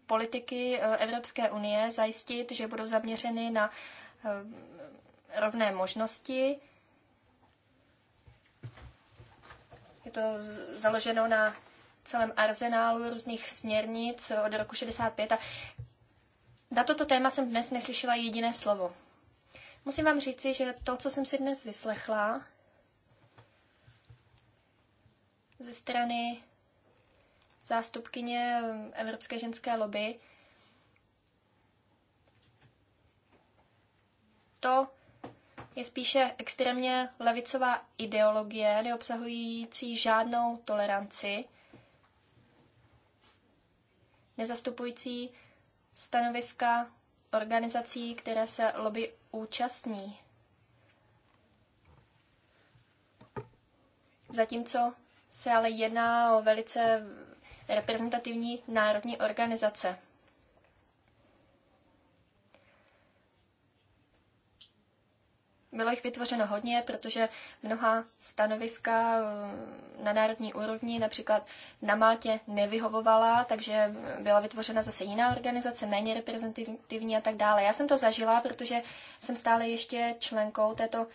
[SPEAKER 4] politiky eh, Evropské unie, zajistit, že budou zaměřeny na rovné možnosti, Je to založeno na celém arzenálu různých směrnic od roku 65 a na toto téma jsem dnes neslyšela jediné slovo. Musím vám říci, že to, co jsem si dnes vyslechla ze strany zástupkyně Evropské ženské lobby, to je spíše extrémně levicová ideologie, neobsahující žádnou toleranci, nezastupující stanoviska organizací, které se lobby účastní. Zatímco se ale jedná o velice reprezentativní národní organizace. Bylo jich vytvořeno hodně, protože mnoha stanoviska eh, na národní úrovni, například na Maltě, nevyhovovala, takže byla vytvořena zase jiná organizace, méně reprezentativní a tak dále. Já jsem to zažila, protože jsem stále ještě členkou této uh,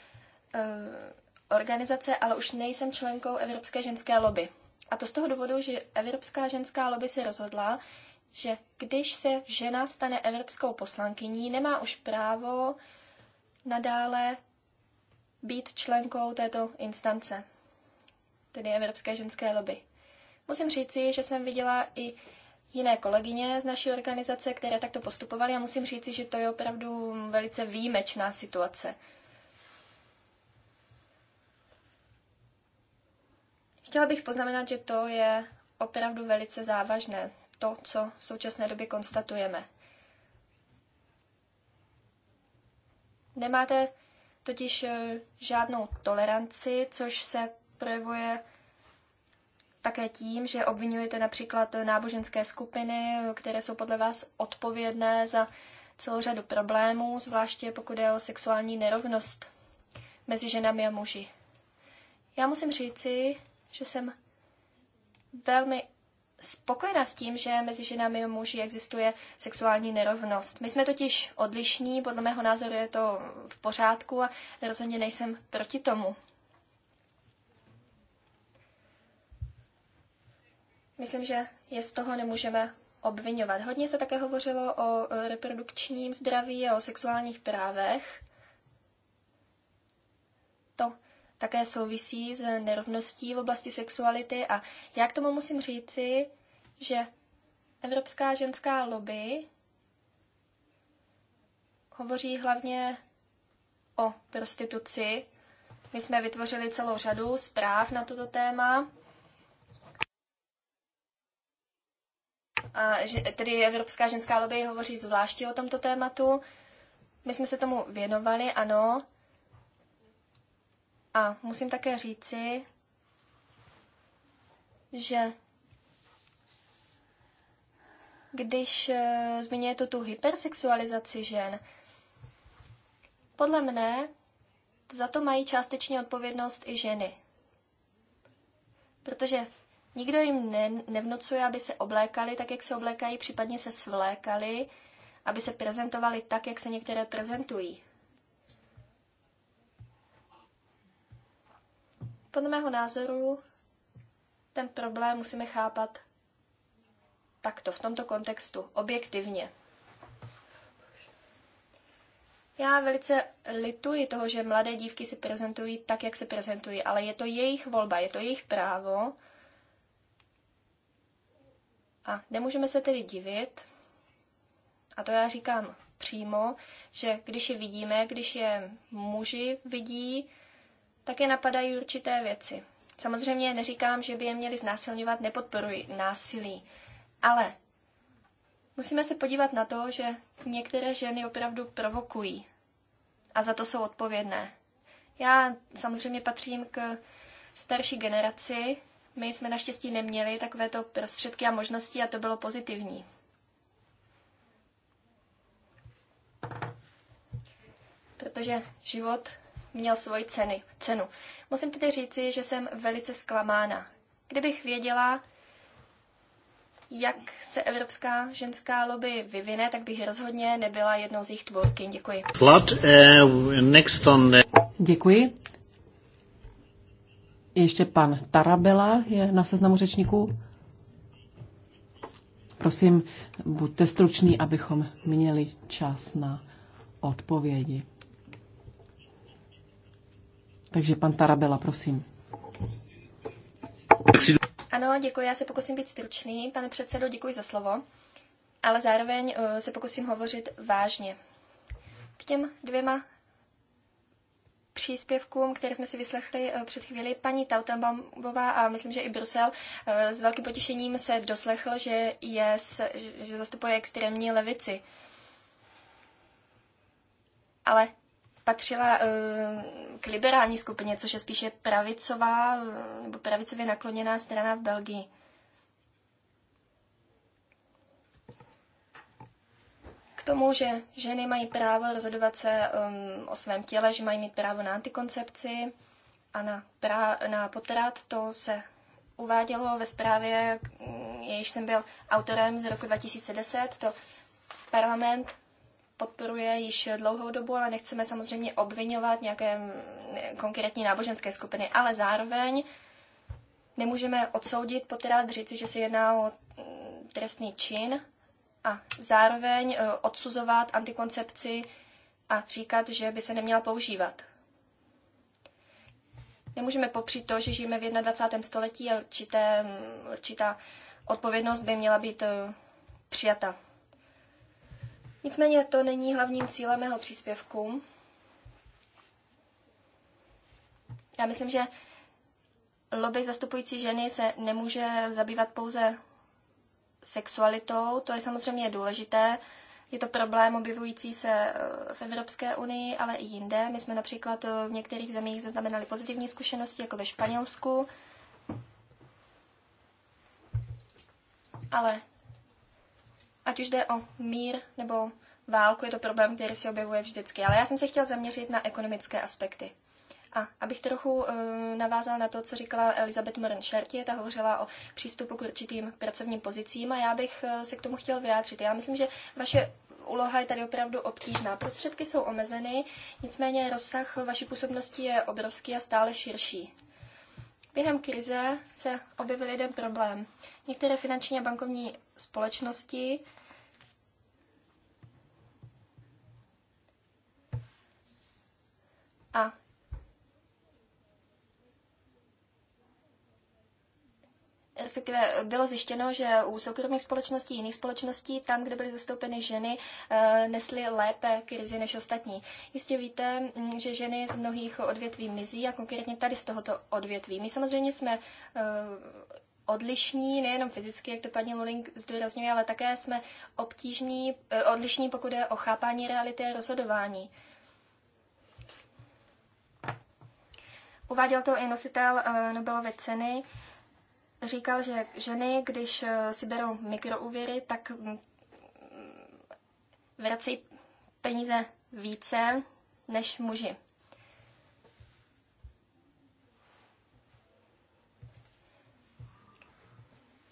[SPEAKER 4] organizace, ale už nejsem členkou Evropské ženské lobby. A to z toho důvodu, že Evropská ženská lobby se rozhodla, že když se žena stane evropskou poslankyní, nemá už právo uh, nadále být členkou této instance, tedy Evropské ženské lobby. Musím říci, že jsem viděla i jiné kolegyně z naší organizace, které takto postupovaly a musím říci, že to je opravdu velice výjimečná situace. Chtěla bych poznamenat, že to je opravdu velice závažné, to, co v současné době konstatujeme. Nemáte totiž eh, žádnou toleranci, což se projevuje také tím, že obvinujete například náboženské skupiny, které jsou podle vás odpovědné za celou řadu problémů, zvláště pokud je o sexuální nerovnost mezi ženami a muži. Já musím říci, že jsem velmi spokojena s tím, že mezi ženami a muži existuje sexuální nerovnost. My jsme totiž odlišní, podle mého názoru je to v pořádku a rozhodně nejsem proti tomu. Myslím, že je z toho nemůžeme obvinovat. Hodně se také hovořilo o reprodukčním zdraví a o sexuálních právech. také souvisí s nerovností v oblasti sexuality a já k tomu musím říci, že Evropská ženská lobby hovoří hlavně o prostituci. My jsme vytvořili celou řadu zpráv na toto téma. A že, tedy Evropská ženská lobby hovoří zvláště o tomto tématu. My jsme se tomu věnovali, ano, a musím také říci, že když eh, zmiňujete tu hypersexualizaci žen, podle mne za to mají částečně odpovědnost i ženy. Protože nikdo jim ne, nevnucuje, aby se oblékali tak, jak se oblékají, případně se svlékali, aby se prezentovali tak, jak se některé prezentují. Podle mého názoru ten problém musíme chápat takto, v tomto kontextu, objektivně. Já velice lituji toho, že mladé dívky se prezentují tak, jak se prezentují, ale je to jejich volba, je to jejich právo. A nemůžeme se tedy divit, a to já říkám přímo, že když je vidíme, když je muži vidí, také napadají určité věci. Samozřejmě neříkám, že by je měli znásilňovat, nepodporuji násilí, ale musíme se podívat na to, že některé ženy opravdu provokují a za to jsou odpovědné. Já samozřejmě patřím k starší generaci, my jsme naštěstí neměli takovéto prostředky a možnosti a to bylo pozitivní. Protože život měl svoji ceny, cenu. Musím tedy říci, že jsem velice zklamána. Kdybych věděla, jak se evropská ženská lobby vyvine, tak bych rozhodně nebyla jednou z jejich tvůrky. Děkuji.
[SPEAKER 1] Slot, uh, eh, next on the...
[SPEAKER 3] Děkuji. Ještě pan Tarabela je na seznamu řečníků. Prosím, buďte struční, abychom měli čas na odpovědi. Takže pan Tarabela, prosím.
[SPEAKER 4] Ano, děkuji. Já se pokusím být stručný. Pane předsedo, děkuji za slovo, ale zároveň eh, se pokusím hovořit vážně. K těm dvěma příspěvkům, které jsme si vyslechli eh, před chvíli. Paní Tautenbaumová a myslím, že i Brusel eh, s velkým potěšením se doslechl, že, je, že zastupuje extrémní levici. Ale patřila eh, k liberální skupině, což je spíše pravicová eh, nebo pravicově nakloněná strana v Belgii. K tomu, že ženy mají právo rozhodovat se um, o svém těle, že mají mít právo na antikoncepci a na, pra- na potrat, to se uvádělo ve zprávě, jejíž jsem byl autorem z roku 2010. To parlament podporuje již dlouhou dobu, ale nechceme samozřejmě obvinovat nějaké konkrétní náboženské skupiny, ale zároveň nemůžeme odsoudit, potrat, říci, že se jedná o trestný čin a zároveň e, odsuzovat antikoncepci a říkat, že by se neměla používat. Nemůžeme popřít to, že žijeme v 21. století a určité, určitá odpovědnost by měla být e, přijata. Nicméně to není hlavním cílem mého příspěvku. Já myslím, že lobby zastupující ženy se nemůže zabývat pouze sexualitou, to je samozřejmě důležité. Je to problém objevující se eh, v Evropské unii, ale i jinde. My jsme například eh, v některých zemích zaznamenali pozitivní zkušenosti, jako ve Španělsku. Ale ať už jde o mír nebo válku, je to problém, který se objevuje vždycky. Ale já jsem se chtěla zaměřit na ekonomické aspekty. A abych trochu uh, navázala na to, co říkala Elizabeth Moran Šertě, ta hovořila o přístupu k určitým pracovním pozicím a já bych uh, se k tomu chtěla vyjádřit. Já myslím, že vaše úloha je tady opravdu obtížná. Prostředky jsou omezeny, nicméně rozsah vaší působnosti je obrovský a stále širší. Během krize se objevil jeden problém. Některé finanční a bankovní společnosti. A respektive bylo zjištěno, že u soukromých společností, jiných společností, tam, kde byly zastoupeny ženy, eh, nesly lépe krizi než ostatní. Jistě víte, mm, že ženy z mnohých odvětví mizí a konkrétně tady z tohoto odvětví. My samozřejmě jsme eh, odlišní, nejenom fyzicky, jak to paní Luling zdůrazňuje, ale také jsme obtížní, eh, odlišní, pokud je o chápání reality a rozhodování. Uváděl to i nositel eh, Nobelovy ceny. Říkal, že ženy, když eh, si berou mikroúvěry, tak mm, vracejí peníze více než muži.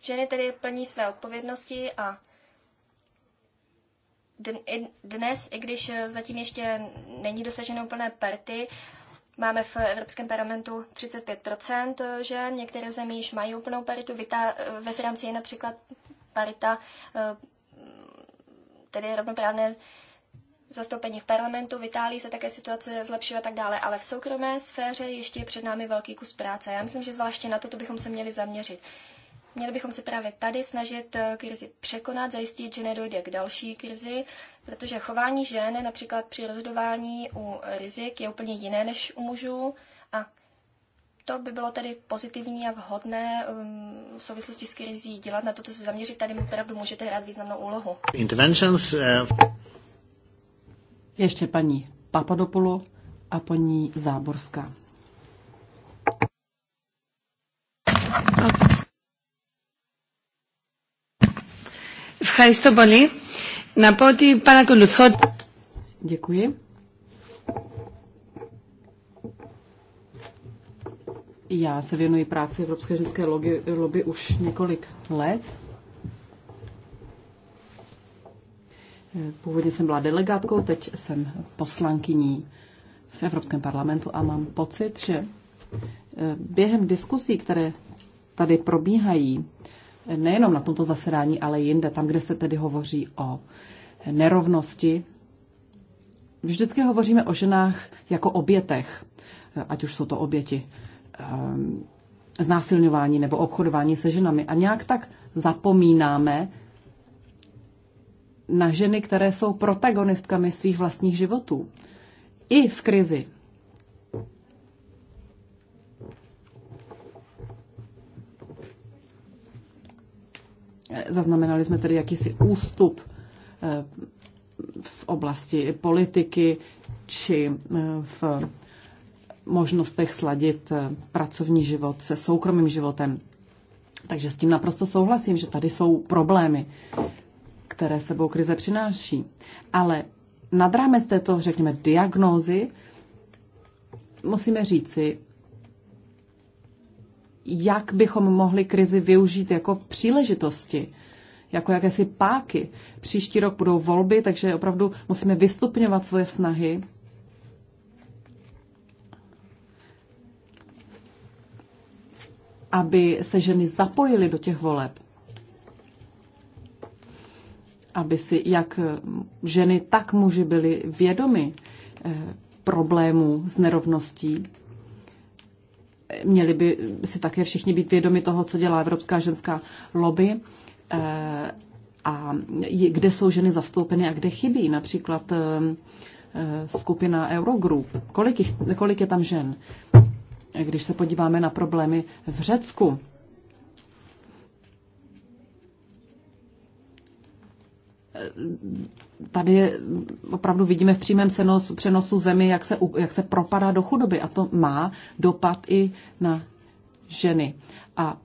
[SPEAKER 4] Ženy tedy plní své odpovědnosti a dnes, i když zatím ještě není dosaženo plné perty, máme v Evropském parlamentu 35 žen, některé země již mají úplnou paritu, ve Francii je například parita, eh, tedy rovnoprávné zastoupení v parlamentu, v Itálii se také situace zlepšuje a tak dále, ale v soukromé sféře ještě je před námi velký kus práce. Já myslím, že zvláště na to, to bychom se měli zaměřit. Měli bychom se právě tady snažit eh, krizi překonat, zajistit, že nedojde k další krizi, protože chování žen například při rozhodování u rizik je úplně jiné než u mužů a to by bylo tedy pozitivní a vhodné ehm, v souvislosti s krizí dělat na to, co se zaměřit. Tady opravdu můžete hrát významnou úlohu.
[SPEAKER 3] Interventions, uh... Ještě paní Papadopoulou a paní Záborská. Ευχαριστώ πολύ. Να πω ότι παρακολουθώ... Děkuji. Já se věnuji práci Evropské ženské lobby, lobby už několik let. Původně jsem byla delegátkou, teď jsem poslankyní v Evropském parlamentu a mám pocit, že eh, během diskusí, které tady probíhají, nejenom na tomto zasedání, ale jinde, tam, kde se tedy hovoří o nerovnosti. Vždycky hovoříme o ženách jako obětech, ať už jsou to oběti ehm, znásilňování nebo obchodování se ženami. A nějak tak zapomínáme na ženy, které jsou protagonistkami svých vlastních životů. I v krizi Zaznamenali jsme tedy jakýsi ústup eh, v oblasti politiky či eh, v možnostech sladit eh, pracovní život se soukromým životem. Takže s tím naprosto souhlasím, že tady jsou problémy, které sebou krize přináší. Ale nad rámec této, řekněme, diagnózy musíme říci, jak bychom mohli krizi využít jako příležitosti, jako jakési páky. Příští rok budou volby, takže opravdu musíme vystupňovat svoje snahy. aby se ženy zapojily do těch voleb. Aby si jak ženy, tak muži byli vědomi eh, problémů s nerovností Měli by si také všichni být vědomi toho, co dělá Evropská ženská lobby eh, a kde jsou ženy zastoupeny a kde chybí. Například eh, eh, skupina Eurogroup. Kolik, jich, kolik je tam žen? Když se podíváme na problémy v Řecku, tady opravdu vidíme v přímém přenosu, přenosu zemi, jak se, jak se propadá do chudoby a to má dopad i na ženy. A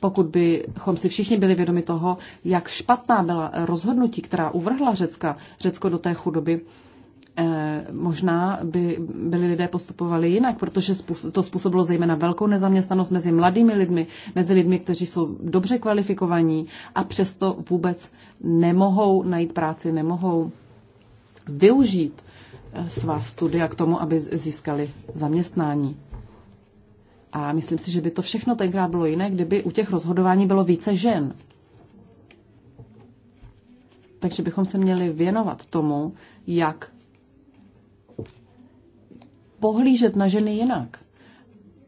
[SPEAKER 3] pokud bychom si všichni byli vědomi toho, jak špatná byla rozhodnutí, která uvrhla Řecka, Řecko do té chudoby, eh, možná by byli lidé postupovali jinak, protože to způsobilo zejména velkou nezaměstnanost mezi mladými lidmi, mezi lidmi, kteří jsou dobře kvalifikovaní a přesto vůbec nemohou najít práci, nemohou využít eh, svá studia k tomu, aby získali zaměstnání. A myslím si, že by to všechno tenkrát bylo jiné, kdyby u těch rozhodování bylo více žen. Takže bychom se měli věnovat tomu, jak pohlížet na ženy jinak.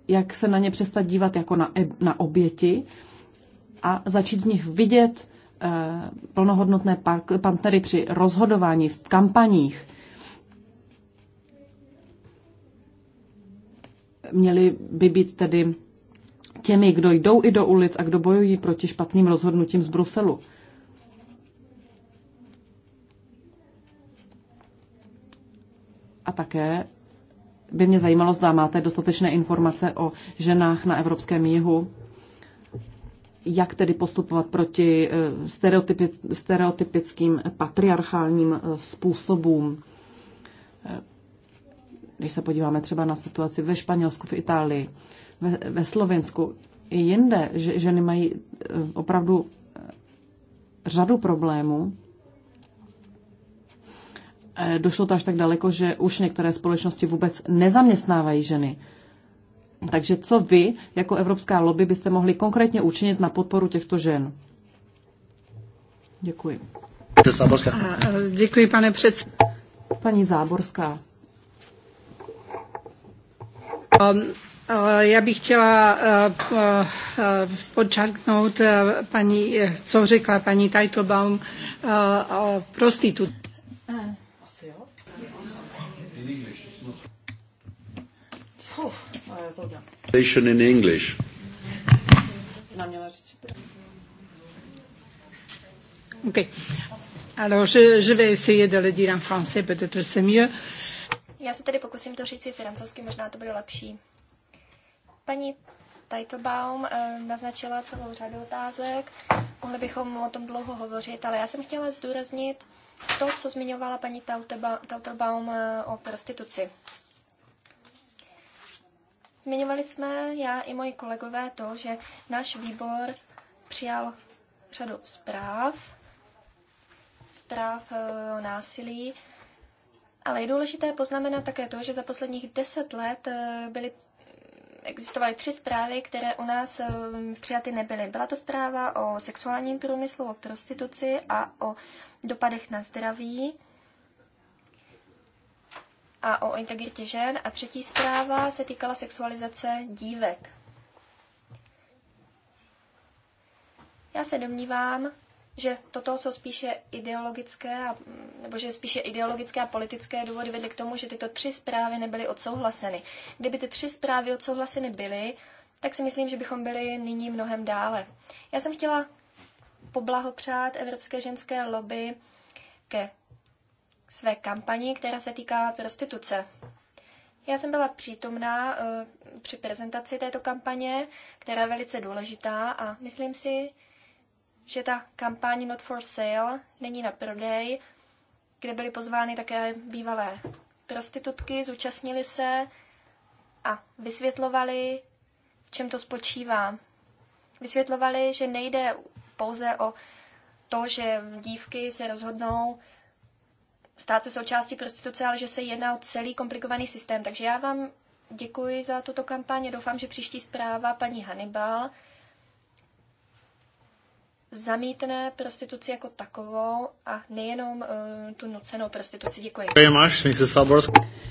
[SPEAKER 3] Jak se na ně přestat dívat jako na, e- na oběti a začít v nich vidět Eh, plnohodnotné partnery při rozhodování v kampaních. Měli by být tedy těmi, kdo jdou i do ulic a kdo bojují proti špatným rozhodnutím z Bruselu. A také by mě zajímalo, zda máte dostatečné informace o ženách na evropském jihu, jak tedy postupovat proti eh, stereotypickým patriarchálním eh, způsobům. Eh, když se podíváme třeba na situaci ve Španělsku, v Itálii, ve, ve Slovensku i jinde, že ženy mají opravdu řadu problémů. Došlo to až tak daleko, že už některé společnosti vůbec nezaměstnávají ženy. Takže co vy jako evropská lobby byste mohli konkrétně učinit na podporu těchto žen? Děkuji. Záborská. Děkuji, pane předsedo. Paní Záborská. Um, uh, já bych chtěla uh, uh, podčarknout paní, eh, co řekla paní Teitelbaum o prostitutu. Eh, Tohle. In English. Okay. Alors, je, je vais essayer de le dire en français, peut-être c'est mieux.
[SPEAKER 4] Já se tedy pokusím to říct si francouzsky, možná to bude lepší. Paní Teitelbaum eh, naznačila celou řadu otázek. Mohli bychom o tom dlouho hovořit, ale já jsem chtěla zdůraznit to, co zmiňovala paní Teitelbaum eh, o prostituci. Zmiňovali jsme, já i moji kolegové, to, že náš výbor přijal řadu zpráv, zpráv eh, o násilí, ale je důležité poznamenat také to, že za posledních deset let eh, byly existovaly tři zprávy, které u nás eh, přijaty nebyly. Byla to zpráva o sexuálním průmyslu, o prostituci a o dopadech na zdraví a o integritě žen a třetí zpráva se týkala sexualizace dívek. Já se domnívám, že toto jsou spíše ideologické, a, nebo že spíše ideologické a politické důvody vedly k tomu, že tyto tři zprávy nebyly odsouhlaseny. Kdyby ty tři zprávy odsouhlaseny byly, tak si myslím, že bychom byli nyní mnohem dále. Já jsem chtěla poblahopřát Evropské ženské lobby ke své kampani, která se týká prostituce. Já jsem byla přítomná eh, při prezentaci této kampaně, která je velice důležitá a myslím si, že ta kampaň Not for Sale není na prodej, kde byly pozvány také bývalé prostitutky, zúčastnili se a vysvětlovali, v čem to spočívá. Vysvětlovali, že nejde pouze o to, že dívky se rozhodnou stát se součástí prostituce, ale že se jedná o celý komplikovaný systém. Takže já vám děkuji za tuto kampaně. Doufám, že příští zpráva paní Hannibal zamítne prostituci jako takovou a nejenom uh, tu nucenou prostituci. Děkuji.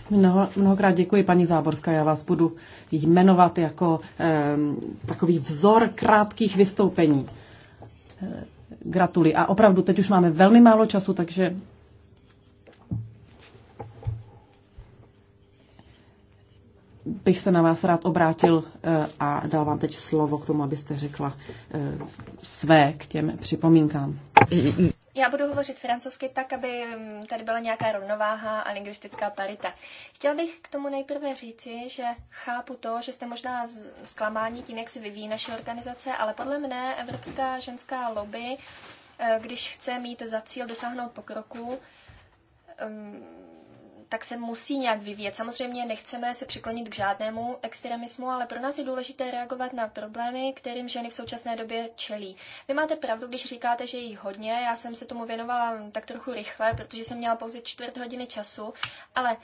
[SPEAKER 3] Mnoho, mnohokrát děkuji, paní Záborská. Já vás budu jmenovat jako um, takový vzor krátkých vystoupení. Eh, gratuluji. A opravdu, teď už máme velmi málo času, takže bych se na vás rád obrátil eh, a dal vám teď slovo k tomu, abyste řekla eh, své k těm připomínkám.
[SPEAKER 4] Já budu hovořit francouzsky tak, aby mm, tady byla nějaká rovnováha a lingvistická parita. Chtěl bych k tomu nejprve říci, že chápu to, že jste možná zklamáni tím, jak se vyvíjí naše organizace, ale podle mne Evropská ženská lobby, eh, když chce mít za cíl dosáhnout pokroku, mm, tak se musí nějak vyvíjet. Samozřejmě nechceme se přiklonit k žádnému extremismu, ale pro nás je důležité reagovat na problémy, kterým ženy v současné době čelí. Vy máte pravdu, když říkáte, že jich hodně. Já jsem se tomu věnovala tak trochu rychle, protože jsem měla pouze čtvrt hodiny času, ale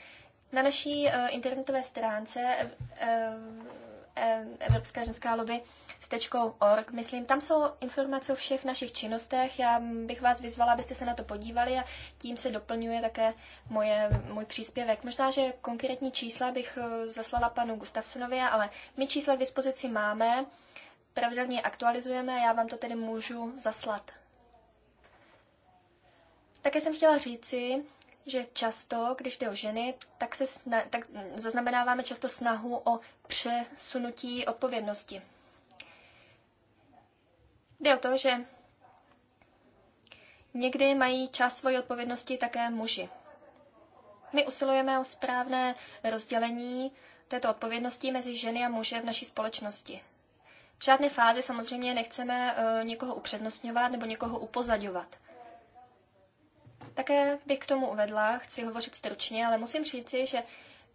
[SPEAKER 4] na naší uh, internetové stránce uh, Eh, Evropská ženská lobby s tečkou org. Myslím, tam jsou informace o všech našich činnostech. Já bych vás vyzvala, abyste se na to podívali a tím se doplňuje také moje, můj příspěvek. Možná, že konkrétní čísla bych eh, zaslala panu Gustavsonovi, ale my čísla k dispozici máme, pravidelně aktualizujeme, a já vám to tedy můžu zaslat. Také jsem chtěla říci, že často, když jde o ženy, tak, se sna- tak zaznamenáváme často snahu o přesunutí odpovědnosti. Jde o to, že někdy mají část svojí odpovědnosti také muži. My usilujeme o správné rozdělení této odpovědnosti mezi ženy a muže v naší společnosti. V žádné fázi samozřejmě nechceme eh, někoho upřednostňovat nebo někoho upozadovat. Také bych k tomu uvedla, chci hovořit stručně, ale musím říci, že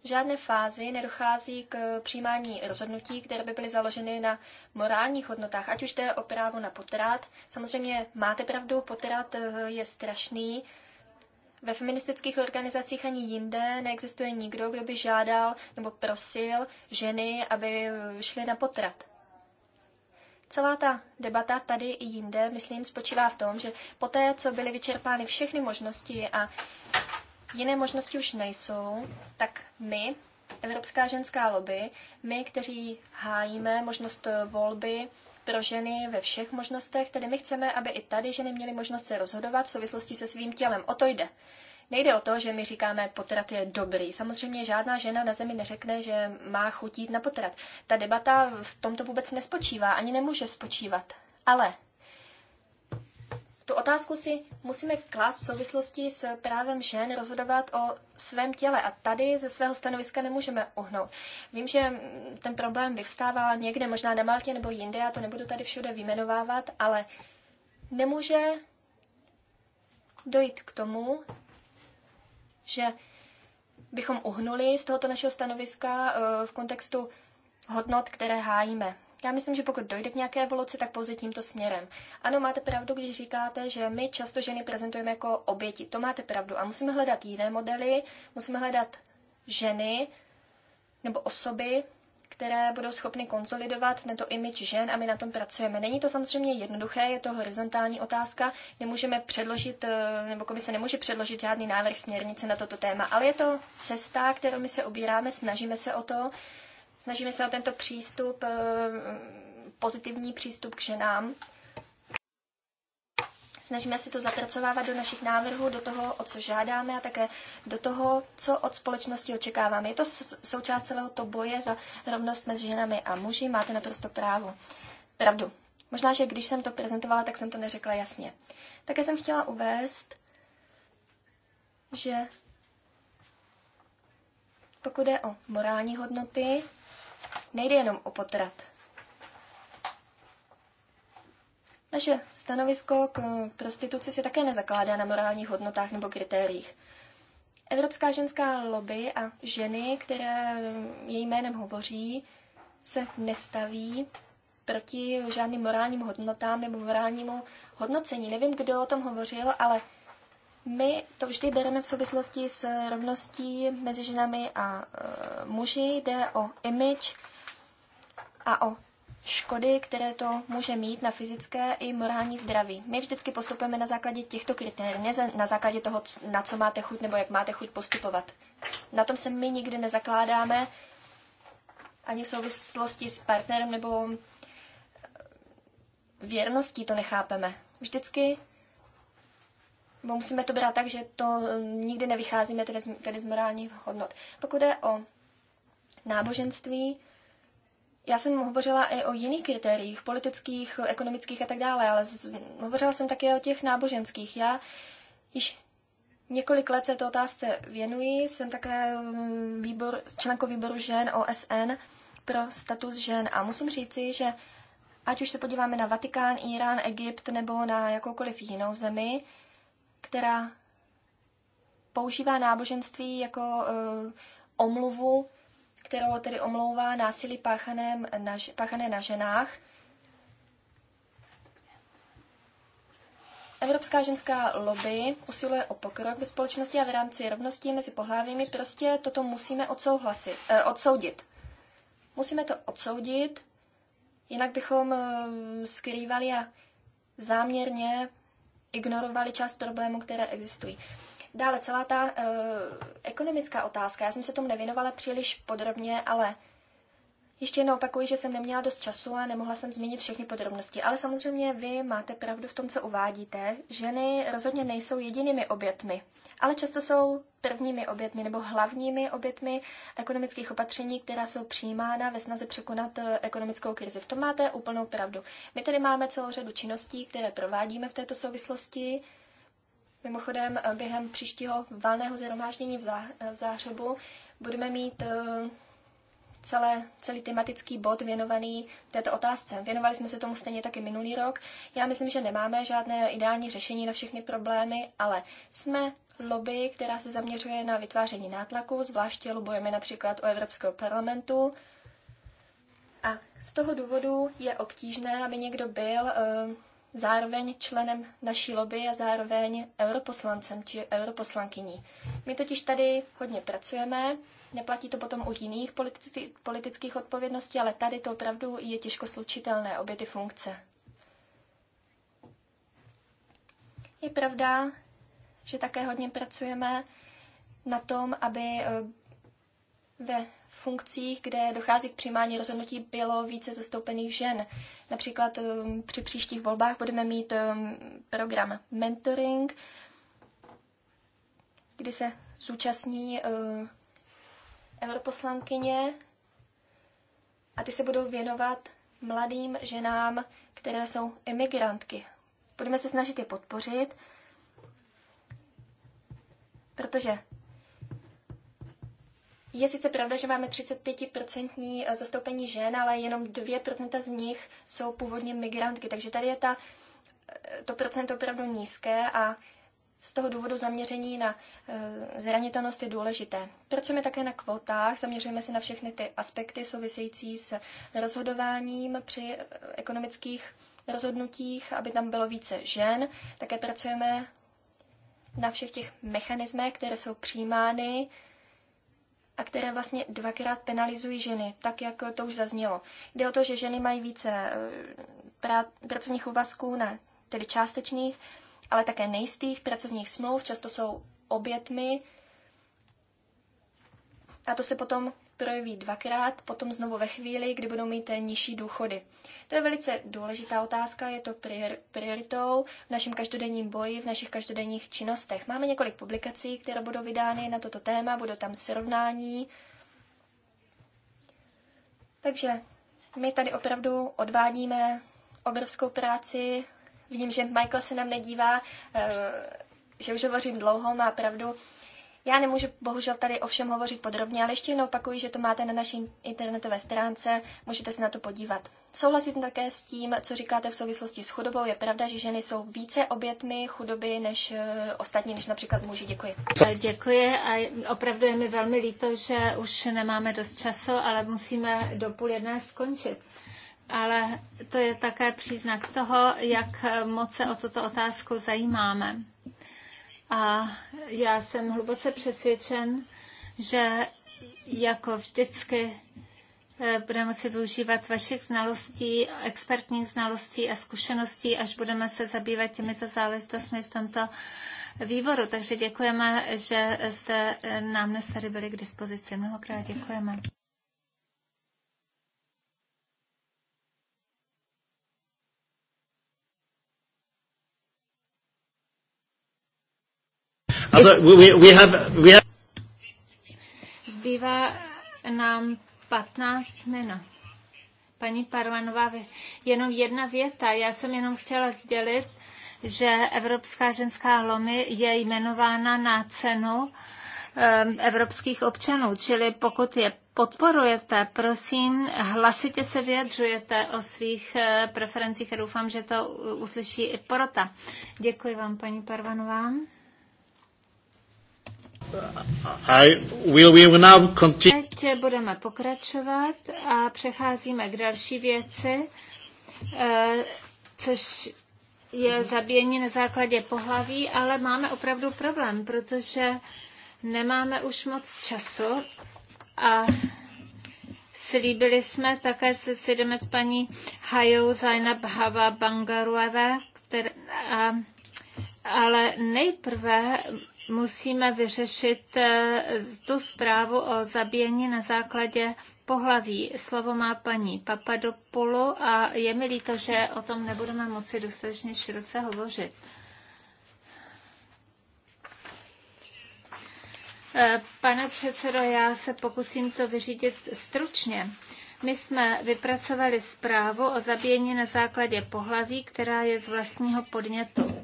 [SPEAKER 4] v žádné fázi nedochází k přijímání rozhodnutí, které by byly založeny na morálních hodnotách, ať už jde o právo na potrat. Samozřejmě máte pravdu, potrat eh, je strašný. Ve feministických organizacích ani jinde neexistuje nikdo, kdo by žádal nebo prosil ženy, aby eh, šly na potrat. Celá ta debata tady i jinde, myslím, spočívá v tom, že poté, co byly vyčerpány všechny možnosti a jiné možnosti už nejsou, tak my, Evropská ženská lobby, my, kteří hájíme možnost volby pro ženy ve všech možnostech, tedy my chceme, aby i tady ženy měly možnost se rozhodovat v souvislosti se svým tělem. O to jde. Nejde o to, že my říkáme, potrat je dobrý. Samozřejmě žádná žena na zemi neřekne, že má chutít na potrat. Ta debata v tomto vůbec nespočívá, ani nemůže spočívat. Ale tu otázku si musíme klást v souvislosti s právem žen rozhodovat o svém těle a tady ze svého stanoviska nemůžeme uhnout. Vím, že ten problém vyvstává někde, možná na Maltě nebo jinde, já to nebudu tady všude vyjmenovávat, ale nemůže dojít k tomu, že bychom uhnuli z tohoto našeho stanoviska eh, v kontextu hodnot, které hájíme. Já myslím, že pokud dojde k nějaké evoluci, tak pouze tímto směrem. Ano, máte pravdu, když říkáte, že my často ženy prezentujeme jako oběti. To máte pravdu. A musíme hledat jiné modely, musíme hledat ženy nebo osoby, které budou schopny konsolidovat tento image žen a my na tom pracujeme. Není to samozřejmě jednoduché, je to horizontální otázka, nemůžeme předložit, eh, nebo komise nemůže předložit žádný návrh směrnice na toto téma, ale je to cesta, kterou my se ubíráme, snažíme se o to, snažíme se o tento přístup, eh, pozitivní přístup k ženám Snažíme se to zapracovávat do našich návrhů, do toho, o co žádáme a také do toho, co od společnosti očekáváme. Je to součást celého to boje za rovnost mezi ženami a muži. Máte naprosto právo. Pravdu. Možná, že když jsem to prezentovala, tak jsem to neřekla jasně. Také jsem chtěla uvést, že pokud je o morální hodnoty, nejde jenom o potrat. Naše stanovisko k eh, prostituci se také nezakládá na morálních hodnotách nebo kritériích. Evropská ženská lobby a ženy, které eh, její jménem hovoří, se nestaví proti žádným morálním hodnotám nebo morálnímu hodnocení. Nevím, kdo o tom hovořil, ale my to vždy bereme v souvislosti s rovností mezi ženami a e, muži. Jde o image a o škody, které to může mít na fyzické i morální zdraví. My vždycky postupujeme na základě těchto kritérií, ne na základě toho, na co máte chuť nebo jak máte chuť postupovat. Na tom se my nikdy nezakládáme ani v souvislosti s partnerem nebo eh, věrností to nechápeme. Vždycky bo musíme to brát tak, že to eh, nikdy nevycházíme tedy z, tedy z morálních hodnot. Pokud je o náboženství, já jsem hovořila i o jiných kritériích, politických, ekonomických a tak dále, ale z, hovořila jsem také o těch náboženských. Já již několik let se této otázce věnuji, jsem také mm, výbor, členkou výboru žen OSN pro status žen a musím říci, že ať už se podíváme na Vatikán, Irán, Egypt nebo na jakoukoliv jinou zemi, která používá náboženství jako uh, omluvu kterou tedy omlouvá násilí páchané na, páchané na ženách. Evropská ženská lobby usiluje o pokrok ve společnosti a v rámci rovnosti mezi pohlavími. Prostě toto musíme odsouhlasit, eh, odsoudit. Musíme to odsoudit, jinak bychom eh, skrývali a záměrně ignorovali část problémů, které existují. Dále celá ta uh, ekonomická otázka. Já jsem se tomu nevěnovala příliš podrobně, ale ještě jednou opakuji, že jsem neměla dost času a nemohla jsem zmínit všechny podrobnosti. Ale samozřejmě vy máte pravdu v tom, co uvádíte. Ženy rozhodně nejsou jedinými obětmi, ale často jsou prvními obětmi nebo hlavními obětmi ekonomických opatření, která jsou přijímána ve snaze překonat eh, ekonomickou krizi. V tom máte úplnou pravdu. My tedy máme celou řadu činností, které provádíme v této souvislosti. Mimochodem, eh, během příštího valného zhromáždění v, zá, eh, Zářebu budeme mít eh, celé, celý tematický bod věnovaný této otázce. Věnovali jsme se tomu stejně taky minulý rok. Já myslím, že nemáme žádné ideální řešení na všechny problémy, ale jsme lobby, která se zaměřuje na vytváření nátlaku, zvláště lobujeme například o Evropského parlamentu. A z toho důvodu je obtížné, aby někdo byl zároveň členem naší lobby a zároveň europoslancem či europoslankyní. My totiž tady hodně pracujeme, neplatí to potom u jiných politických, politických odpovědností, ale tady to opravdu je těžko slučitelné, obě ty funkce. Je pravda, že také hodně pracujeme na tom, aby eh, ve funkcích, kde dochází k přijímání rozhodnutí, bylo více zastoupených žen. Například um, při příštích volbách budeme mít um, program mentoring, kdy se zúčastní uh, europoslankyně a ty se budou věnovat mladým ženám, které jsou emigrantky. Budeme se snažit je podpořit, protože je sice pravda, že máme 35% eh, zastoupení žen, ale jenom 2% z nich jsou původně migrantky, takže tady je ta, eh, to procento opravdu nízké a z toho důvodu zaměření na eh, zranitelnost je důležité. Pracujeme také na kvotách, zaměřujeme se na všechny ty aspekty související s rozhodováním při ekonomických rozhodnutích, aby tam bylo více žen. Také pracujeme na všech těch mechanismech, které jsou přijímány a které vlastně dvakrát penalizují ženy, tak jak to už zaznělo. Jde o to, že ženy mají více eh, prá- pracovních úvazků, ne tedy částečných, ale také nejistých pracovních smluv, často jsou obětmi a to se potom projeví dvakrát, potom znovu ve chvíli, kdy budou mít nižší důchody. To je velice důležitá otázka, je to prioritou v našem každodenním boji, v našich každodenních činnostech. Máme několik publikací, které budou vydány na toto téma, budou tam srovnání. Takže my tady opravdu odvádíme obrovskou práci. Vidím, že Michael se nám nedívá, eh, že už hovořím dlouho, má pravdu. Já nemůžu bohužel tady o všem hovořit podrobně, ale ještě jednou opakuji, že to máte na naší internetové stránce, můžete se na to podívat. Souhlasím také s tím, co říkáte v souvislosti s chudobou. Je pravda, že ženy jsou více obětmi chudoby
[SPEAKER 2] než eh, ostatní, než například muži. Děkuji. Eh, děkuji a opravdu je mi velmi líto, že už nemáme dost času, ale musíme do půl jedné skončit ale to je také příznak toho, jak moc se o tuto otázku zajímáme. A já jsem hluboce přesvědčen, že jako vždycky eh, budeme muset využívat vašich znalostí, expertních znalostí a zkušeností, až budeme se zabývat těmito záležitostmi v tomto výboru. Takže děkujeme, že jste eh, nám dnes tady byli k dispozici. Mnohokrát děkujeme. Zbývá nám 15 minut. Paní Parvanová, jenom jedna věta. Já jsem jenom chtěla sdělit, že Evropská ženská lomy je jmenována na cenu ehm, evropských občanů, čili pokud je podporujete, prosím, hlasitě se vyjadřujete o svých eh, preferencích a doufám, že to uslyší i porota. Děkuji vám, paní Parvanová.
[SPEAKER 1] I will, we will now continue.
[SPEAKER 2] Teď budeme pokračovat a přecházíme k další věci, eh, což je zabíjení na základě pohlaví, ale máme opravdu problém, protože nemáme už moc času a slíbili jsme, také se sejdeme s paní Hajou Zainab Hava Bangarueve, které, a, ale nejprve musíme vyřešit eh, tu zprávu o zabíjení na základě pohlaví. Slovo má paní Papadopoulou a je mi líto, že o tom nebudeme moci dostatečně široce hovořit. Eh, pane předsedo, já se pokusím to vyřídit stručně. My jsme vypracovali zprávu o zabíjení na základě pohlaví, která je z vlastního podnětu.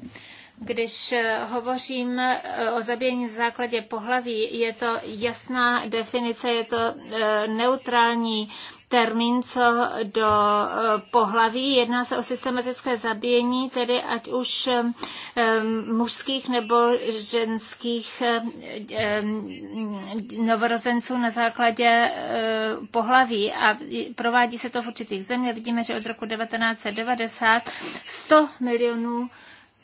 [SPEAKER 2] Když eh, hovořím eh, o zabíjení na základě pohlaví, je to jasná definice, je to eh, neutrální termín co do pohlaví. Jedná se o systematické zabíjení, tedy ať už mužských nebo ženských novorozenců na základě pohlaví. A provádí se to v určitých zemích. Vidíme, že od roku 1990 100 milionů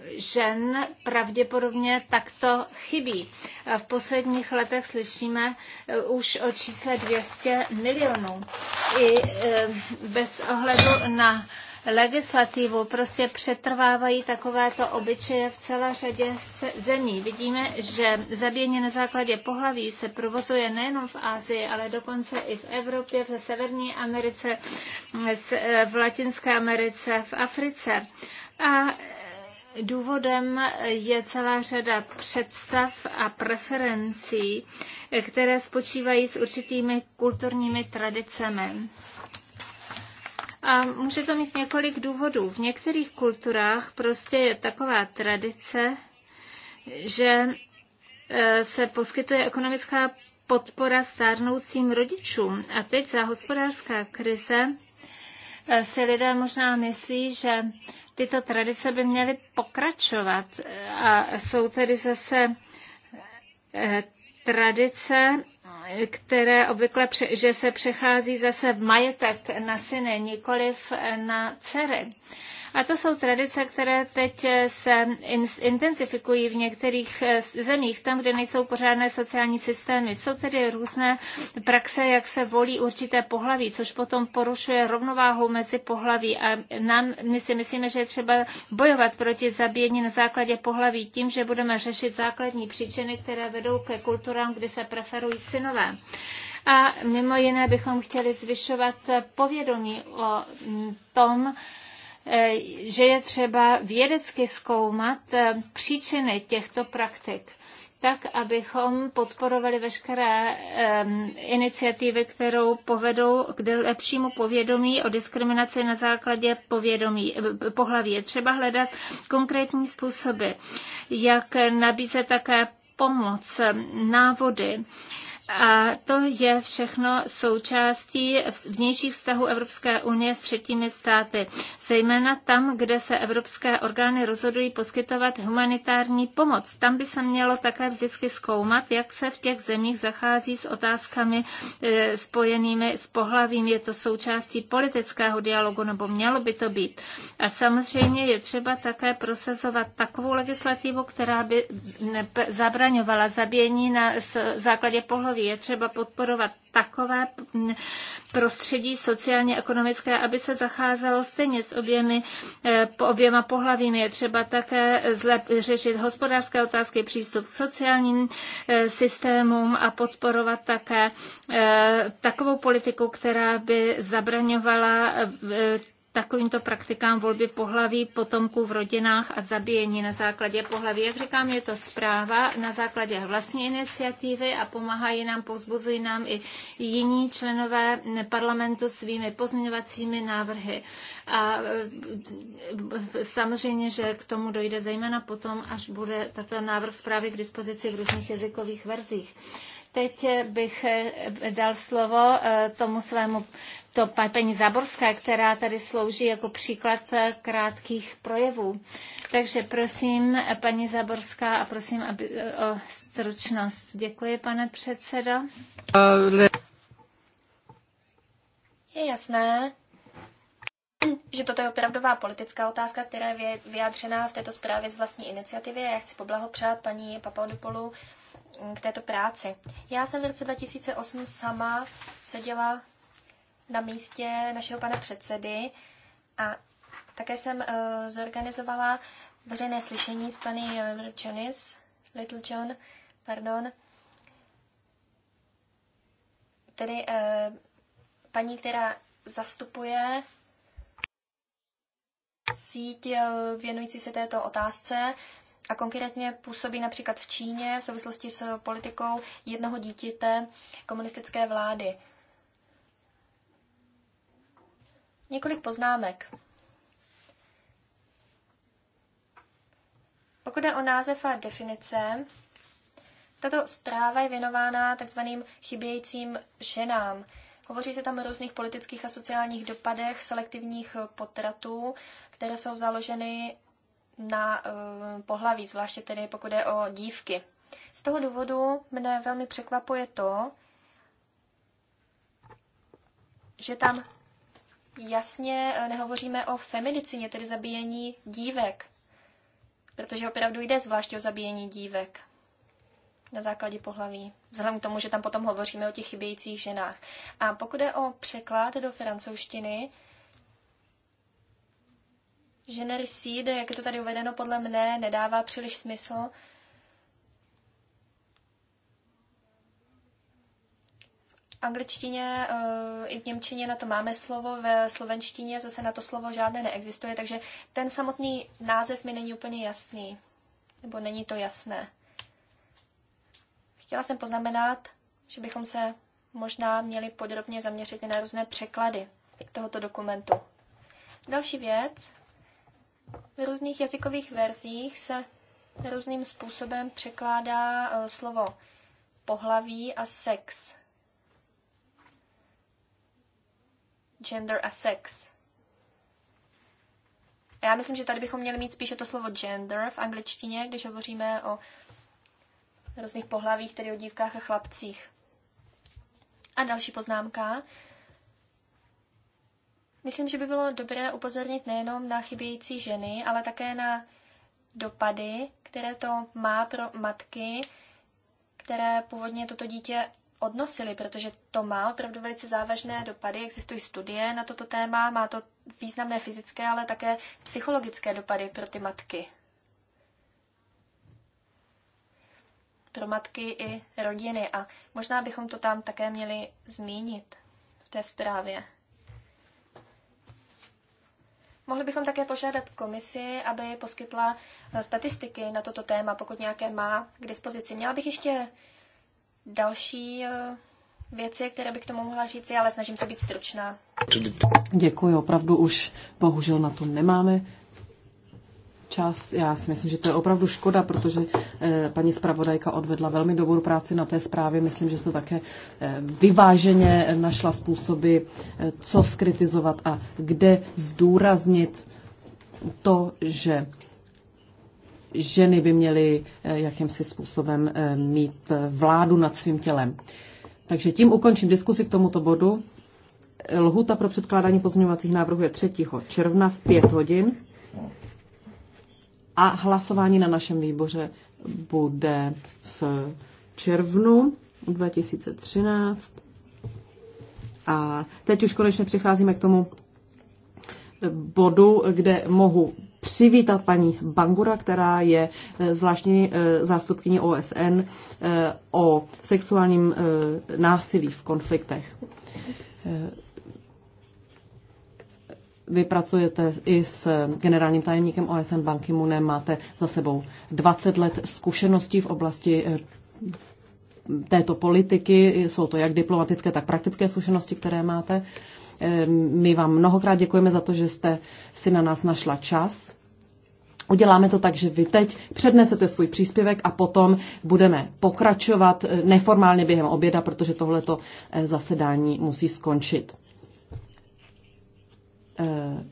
[SPEAKER 2] žen pravděpodobně takto chybí. V posledních letech slyšíme eh, už o čísle 200 milionů. I eh, bez ohledu na legislativu prostě přetrvávají takovéto obyčeje v celé řadě zemí. Vidíme, že zabíjení na základě pohlaví se provozuje nejenom v Ázii, ale dokonce i v Evropě, v Severní Americe, eh, v Latinské Americe, v Africe. A Důvodem je celá řada představ a preferencí, které spočívají s určitými kulturními tradicemi. A může to mít několik důvodů. V některých kulturách prostě je taková tradice, že e, se poskytuje ekonomická podpora stárnoucím rodičům. A teď za hospodářská krize e, si lidé možná myslí, že tyto tradice by měly pokračovat a jsou tedy zase eh, tradice, které obvykle, že se přechází zase v majetek na syny, nikoliv na dcery. A to jsou tradice, které teď eh, se intenzifikují v některých eh, zemích, tam, kde nejsou pořádné sociální systémy. Jsou tedy různé praxe, jak se volí určité pohlaví, což potom porušuje rovnováhu mezi pohlaví. A nám, my si myslíme, že je třeba bojovat proti zabíjení na základě pohlaví tím, že budeme řešit základní příčiny, které vedou ke kulturám, kde se preferují synové. A mimo jiné bychom chtěli zvyšovat povědomí o mm, tom, Eh, že je třeba vědecky zkoumat eh, příčiny těchto praktik tak, abychom podporovali veškeré um, iniciativy, kterou povedou k lepšímu povědomí o diskriminaci na základě povědomí, pohlaví. Je třeba hledat konkrétní způsoby, jak nabízet také pomoc, návody. Uh, a to je všechno součástí vnějších vztahů Evropské unie s třetími státy, zejména tam, kde se evropské orgány rozhodují poskytovat humanitární pomoc. Tam by se mělo také vždycky zkoumat, jak se v těch zemích zachází s otázkami e, spojenými s pohlavím. Je to součástí politického dialogu, nebo mělo by to být. A samozřejmě je třeba také prosazovat takovou legislativu, která by zabraňovala zabíjení na základě pohlaví vývoj. Je třeba podporovat takové prostředí sociálně-ekonomické, aby se zacházelo stejně s oběmi, e, po oběma pohlavími. Je třeba také zlep, řešit hospodářské otázky, přístup k sociálním e, systémům a podporovat také e, takovou politiku, která by zabraňovala takovýmto praktikám volby pohlaví potomků v rodinách a zabíjení na základě pohlaví. Jak říkám, je to zpráva na základě vlastní iniciativy a pomáhají nám, povzbuzují nám i jiní členové parlamentu svými pozměňovacími návrhy. A e, samozřejmě, že k tomu dojde zejména potom, až bude tato návrh zprávy k dispozici v různých jazykových verzích teď bych e, dal slovo e, tomu svému to paní Zaborská, která tady slouží jako příklad eh, krátkých projevů. Takže prosím, eh, paní Zaborská, a prosím aby, eh, o stručnost. Děkuji, pane předsedo. Je jasné,
[SPEAKER 4] že toto je opravdová politická otázka, která je vyjádřená v této zprávě z vlastní iniciativy a já chci poblahopřát paní Papadopoulou mm, k této práci. Já jsem v roce 2008 sama seděla na místě našeho pana předsedy a také jsem eh, zorganizovala veřejné slyšení s paní eh, Jonis, Little John, pardon, tedy eh, paní, která zastupuje síť věnující se této otázce a konkrétně působí například v Číně v souvislosti s politikou jednoho dítěte komunistické vlády. Několik poznámek. Pokud je o název a definice, tato zpráva je věnována tzv. chybějícím ženám. Hovoří se tam o různých politických a sociálních dopadech selektivních potratů, které jsou založeny na uh, pohlaví, zvláště tedy pokud je o dívky. Z toho důvodu mne velmi překvapuje to, že tam jasně eh, nehovoříme o feminicině, tedy zabíjení dívek, protože opravdu jde zvláště o zabíjení dívek na základě pohlaví, vzhledem k tomu, že tam potom hovoříme o těch chybějících ženách. A pokud je o překlad do francouzštiny, Genericide, jak je to tady uvedeno, podle mne nedává příliš smysl, angličtině e, i v němčině na to máme slovo, ve slovenštině zase na to slovo žádné neexistuje, takže ten samotný název mi není úplně jasný, nebo není to jasné. Chtěla jsem poznamenat, že bychom se možná měli podrobně zaměřit na různé překlady tohoto dokumentu. Další věc. V různých jazykových verzích se různým způsobem překládá eh, slovo pohlaví a sex. gender a sex. já myslím, že tady bychom měli mít spíše to slovo gender v angličtině, když hovoříme o různých pohlavích, tedy o dívkách a chlapcích. A další poznámka. Myslím, že by bylo dobré upozornit nejenom na chybějící ženy, ale také na dopady, které to má pro matky, které původně toto dítě odnosili, protože to má opravdu velice závažné dopady. Existují studie na toto téma, má to významné fyzické, ale také psychologické dopady pro ty matky. Pro matky i rodiny. A možná bychom to tam také měli zmínit v té zprávě. Mohli bychom také požádat komisi, aby poskytla statistiky na toto téma, pokud nějaké má k dispozici. Měla bych ještě další eh, věci, které bych k tomu mohla říct, ale snažím se být stručná.
[SPEAKER 3] Děkuji, opravdu už bohužel na to nemáme čas. Já si myslím, že to je opravdu škoda, protože eh, paní zpravodajka odvedla velmi dobrou práci na té zprávě. Myslím, že se také eh, vyváženě našla způsoby, co skritizovat a kde zdůraznit to, že ženy by měly eh, jakýmsi způsobem eh, mít eh, vládu nad svým tělem. Takže tím ukončím diskusi k tomuto bodu. Lhuta pro předkládání pozměňovacích návrhů je 3. června v 5 hodin a hlasování na našem výboře bude v červnu 2013. A teď už konečně přicházíme k tomu bodu, kde mohu přivítat paní Bangura, která je eh, zvláštní eh, zástupkyní OSN eh, o sexuálním násilí v konfliktech. Vy pracujete i s generálním tajemníkem OSN Banky Munem, máte za sebou 20 let zkušeností v oblasti této politiky, jsou to jak diplomatické, tak praktické zkušenosti, které máte. My vám mnohokrát děkujeme za to, že jste si na nás našla čas. Uděláme to tak, že vy teď přednesete svůj příspěvek a potom budeme pokračovat eh, neformálně během oběda, protože tohleto eh, zasedání musí skončit. Eh,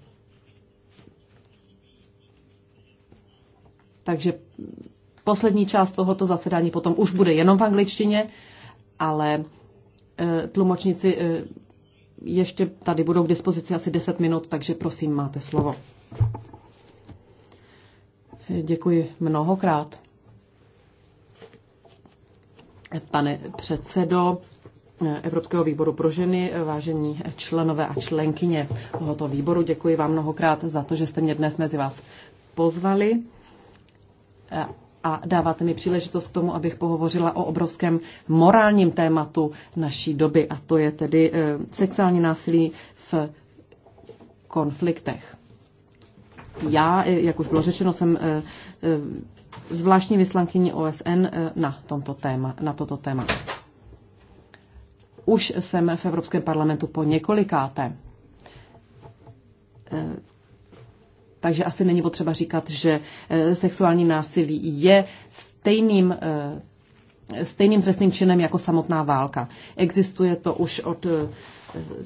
[SPEAKER 3] takže poslední část tohoto zasedání potom už bude jenom v angličtině, ale tlumočníci ještě tady budou k dispozici asi 10 minut, takže prosím, máte slovo. Děkuji mnohokrát. Pane předsedo Evropského výboru pro ženy, vážení členové a členkyně tohoto výboru, děkuji vám mnohokrát za to, že jste mě dnes mezi vás pozvali a dáváte mi příležitost k tomu, abych pohovořila o obrovském morálním tématu naší doby, a to je tedy eh, sexuální násilí v konfliktech. Já, eh, jak už bylo řečeno, jsem eh, eh, zvláštní vyslankyní OSN na, tomto téma, na toto téma. Už jsem v Evropském parlamentu po několikáté. Takže asi není potřeba říkat, že sexuální násilí je stejným stejným trestným činem jako samotná válka. Existuje to už od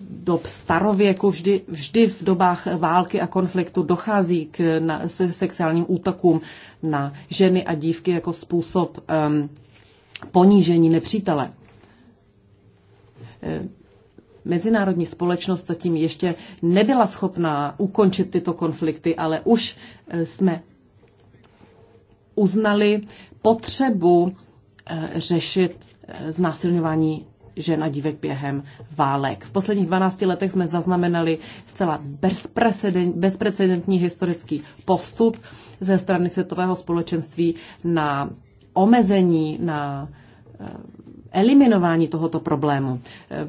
[SPEAKER 3] dob starověku, vždy, vždy v dobách války a konfliktu dochází k na, sexuálním útokům na ženy a dívky jako způsob um, ponížení nepřítele. E, mezinárodní společnost zatím ještě nebyla schopná ukončit tyto konflikty, ale už e, jsme uznali potřebu e, řešit znásilňování žen a dívek během válek. V posledních 12 letech jsme zaznamenali zcela bezprecedentní historický postup ze strany světového společenství na omezení, na eh, eliminování tohoto problému. Eh,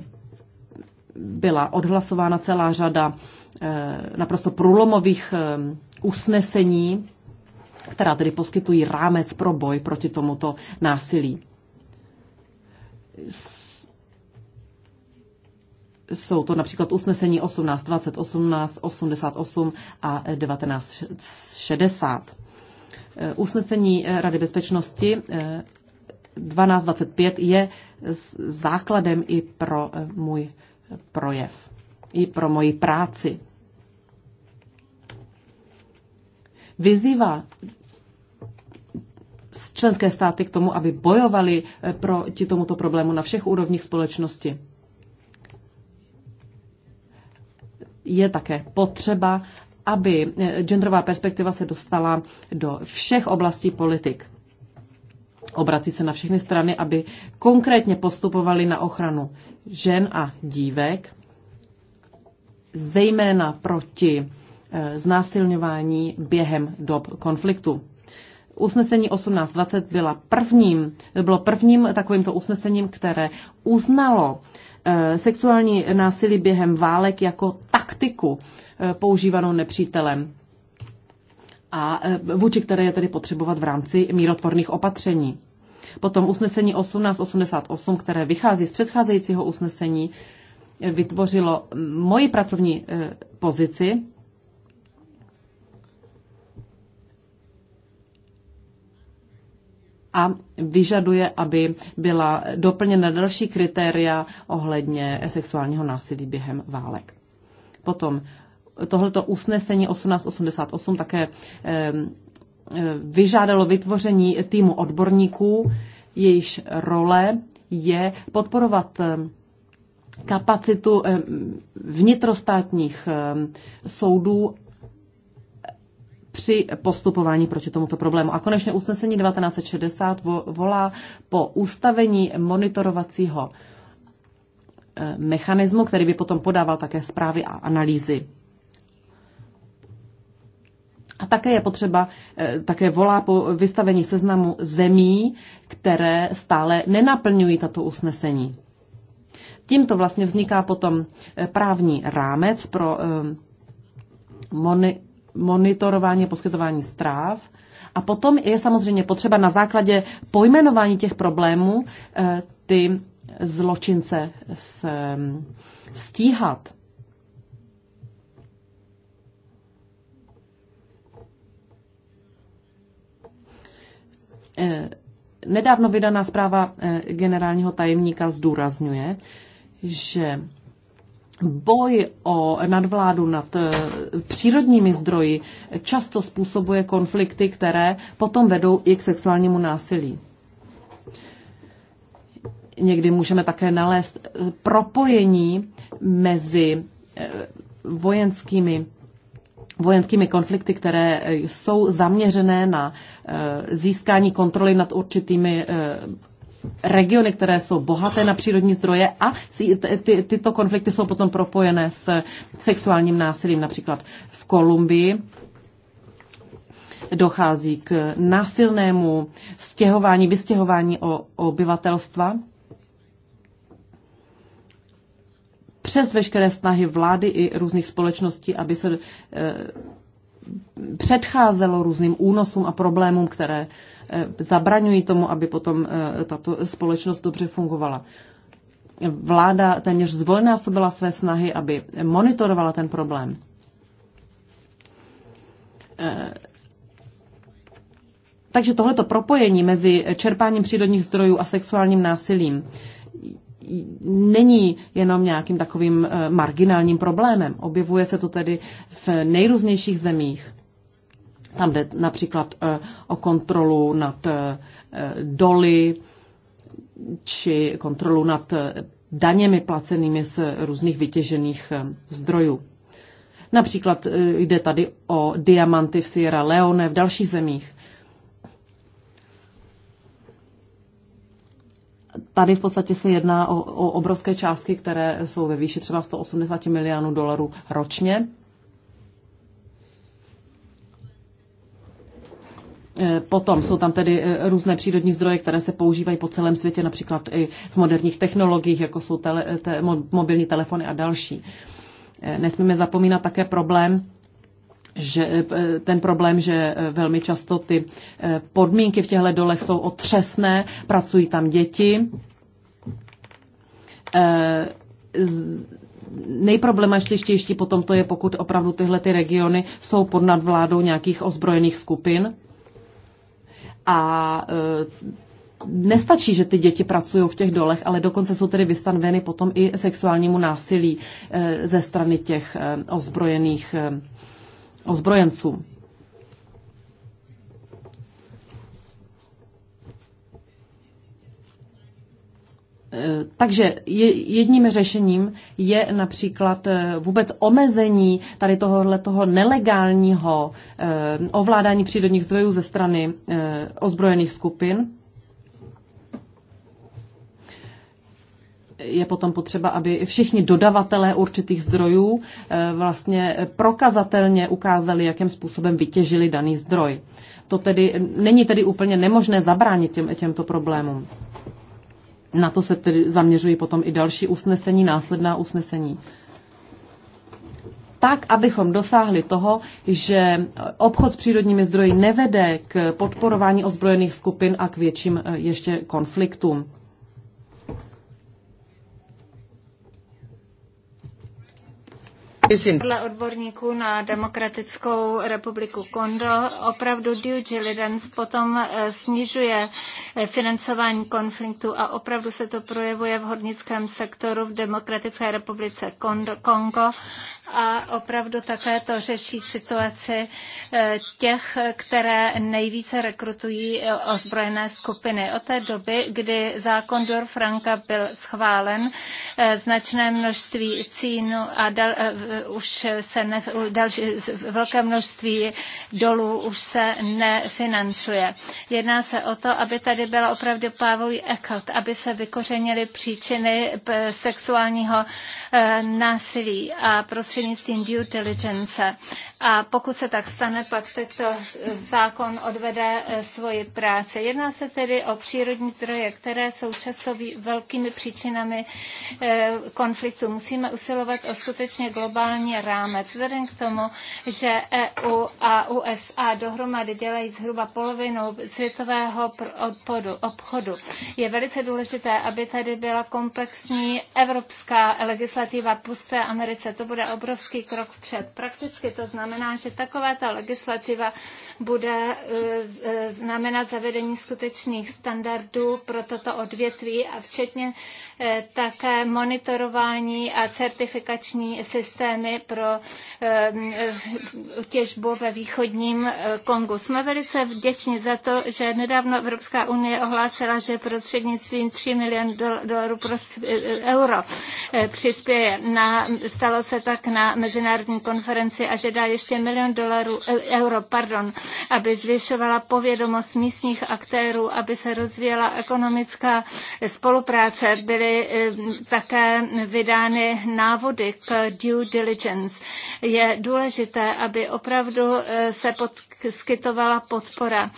[SPEAKER 3] byla odhlasována celá řada eh, naprosto průlomových usnesení, která tedy poskytují rámec pro boj proti tomuto násilí. Jsou to například usnesení 1820, 18, 88 a 1960. Eh, usnesení eh, Rady bezpečnosti 1225 eh, je základem i pro můj projev, i pro moji práci. Vyzývá členské státy k tomu, aby bojovali proti tomuto problému na všech úrovních společnosti. je také potřeba, aby eh, genderová perspektiva se dostala do všech oblastí politik. Obrací se na všechny strany, aby konkrétně postupovali na ochranu žen a dívek, zejména proti eh, znásilňování během dob konfliktu. Usnesení 1820 byla prvním, bylo prvním takovýmto usnesením, které uznalo eh, sexuální násilí během válek jako taktiku eh, používanou nepřítelem a eh, vůči které je tedy potřebovat v rámci mírotvorných opatření. Potom usnesení 1888, které vychází z předcházejícího usnesení, eh, vytvořilo moji pracovní pozici. A vyžaduje, aby byla doplněna další kritéria ohledně sexuálního násilí během válek. Potom tohleto usnesení 1888 také eh, eh, vyžádalo vytvoření týmu odborníků, jejichž role je podporovat eh, kapacitu vnitrostátních soudů při postupování proti tomuto problému. A konečně usnesení 1960 volá po ustavení monitorovacího Eh, mechanismu, který by potom podával také zprávy a analýzy. A také je potřeba, eh, také volá po vystavení seznamu zemí, které stále nenaplňují tato usnesení. Tímto vlastně vzniká potom eh, právní rámec pro moni- monitorování a poskytování stráv. A potom je samozřejmě potřeba na základě pojmenování těch problémů ty zločince mm, stíhat. Eh, nedávno vydaná zpráva eh, generálního tajemníka zdůrazňuje, že boj o nadvládu nad eh, přírodními zdroji často způsobuje konflikty, které potom vedou i k sexuálnímu násilí. Někdy můžeme také nalézt eh, propojení mezi eh, vojenskými vojenskými konflikty, které eh, jsou zaměřené na získání kontroly nad určitými regiony, které jsou bohaté na přírodní zdroje a ty, ty, tyto konflikty jsou potom propojené s sexuálním násilím. Například v Kolumbii dochází k násilnému stěhování, vystěhování o, obyvatelstva přes veškeré snahy vlády i různých společností, aby se eh, předcházelo různým únosům a problémům, které eh, zabraňují tomu, aby potom eh, tato společnost dobře fungovala. Vláda téměř zdvojnásobila své snahy, aby monitorovala ten problém. Takže tohleto propojení mezi čerpáním přírodních zdrojů a sexuálním násilím není jenom nějakým takovým eh, marginálním problémem. Objevuje se to tedy v nejrůznějších zemích. Tam jde například eh, o kontrolu nad eh, doly či kontrolu nad daněmi placenými z různých vytěžených zdrojů. Například jde tady o diamanty v Sierra Leone, v dalších zemích. tady v podstatě se jedná o, o obrovské částky, které jsou ve výši třeba 180 milionů dolarů ročně. E, potom jsou tam tedy e, různé přírodní zdroje, které se používají po celém světě, například i v moderních technologiích, jako jsou tele, te, mobilní telefony a další. E, nesmíme zapomínat také problém že eh, eh, ten problém, že eh, velmi často ty podmínky v těchto dolech jsou otřesné, pracují tam děti. Nejproblematičtější potom to je, pokud opravdu tyhle ty regiony jsou pod nadvládou nějakých ozbrojených skupin. A nestačí, že ty děti pracují v těch dolech, ale dokonce jsou tedy vystanveny potom i sexuálnímu násilí ze strany těch ozbrojených ozbrojencům. E, takže jedním řešením je například e, vůbec omezení tady tohohle toho nelegálního e, ovládání přírodních zdrojů ze strany ozbrojených skupin. je potom potřeba, aby všichni dodavatelé určitých zdrojů eh, vlastně prokazatelně ukázali, jakým způsobem vytěžili daný zdroj. To tedy není tedy úplně nemožné zabránit těm, těmto problémům. Na to se tedy zaměřují potom i další usnesení, následná usnesení. Tak, abychom dosáhli toho, že obchod s přírodními zdroji nevede k podporování ozbrojených skupin a k větším eh, ještě konfliktům.
[SPEAKER 2] Podle odborníků na Demokratickou republiku Kondo opravdu due diligence potom eh, snižuje eh, financování konfliktu a opravdu se to projevuje v hornickém sektoru v Demokratické republice Kongo a opravdu také to řeší situaci eh, těch, které nejvíce rekrutují ozbrojené skupiny. Od té doby, kdy zákon Dor Franka byl schválen, značné množství cínu a dal, už se ne, další, velké množství dolů už se nefinancuje. Jedná se o to, aby tady byla opravdu pávový ekot, aby se vykořenily příčiny eh, sexuálního eh, násilí a prostřednictvím due diligence a pokud se tak stane, pak tento zákon odvede e, svoji práce. Jedná se tedy o přírodní zdroje, které jsou často velkými příčinami e, konfliktu. Musíme usilovat o skutečně globální rámec. Vzhledem k tomu, že EU a USA dohromady dělají zhruba polovinu světového odpodu, obchodu, je velice důležité, aby tady byla komplexní evropská legislativa pusté Americe. To bude obrovský krok vpřed. Prakticky to znamená, znamená, že taková ta legislativa bude e, e, znamenat zavedení skutečných standardů pro toto odvětví a včetně e, také monitorování a certifikační systémy pro těžbu ve východním Kongu. Jsme velice vděční za to, že nedávno Evropská unie ohlásila, že prostřednictvím 3 milion dolarů euro přispěje. Na, stalo se tak na mezinárodní konferenci a že dá ještě 200 milion dolarů, eh, euro, pardon, aby zvyšovala povědomost místních aktérů, aby se rozvíjela ekonomická spolupráce. Byly eh, také vydány návody k due diligence. Je důležité, aby opravdu eh, se poskytovala podpora,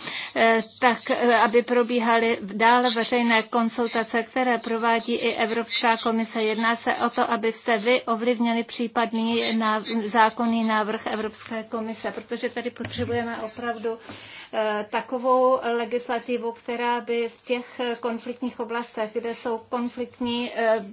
[SPEAKER 2] tak aby probíhaly dále veřejné konsultace, které provádí i Evropská komise. Jedná se o to, abyste vy ovlivnili případný zákonný návrh Evropské Evropské komise, protože tady potřebujeme opravdu eh, takovou legislativu, která by v těch konfliktních oblastech, kde jsou konfliktní eh,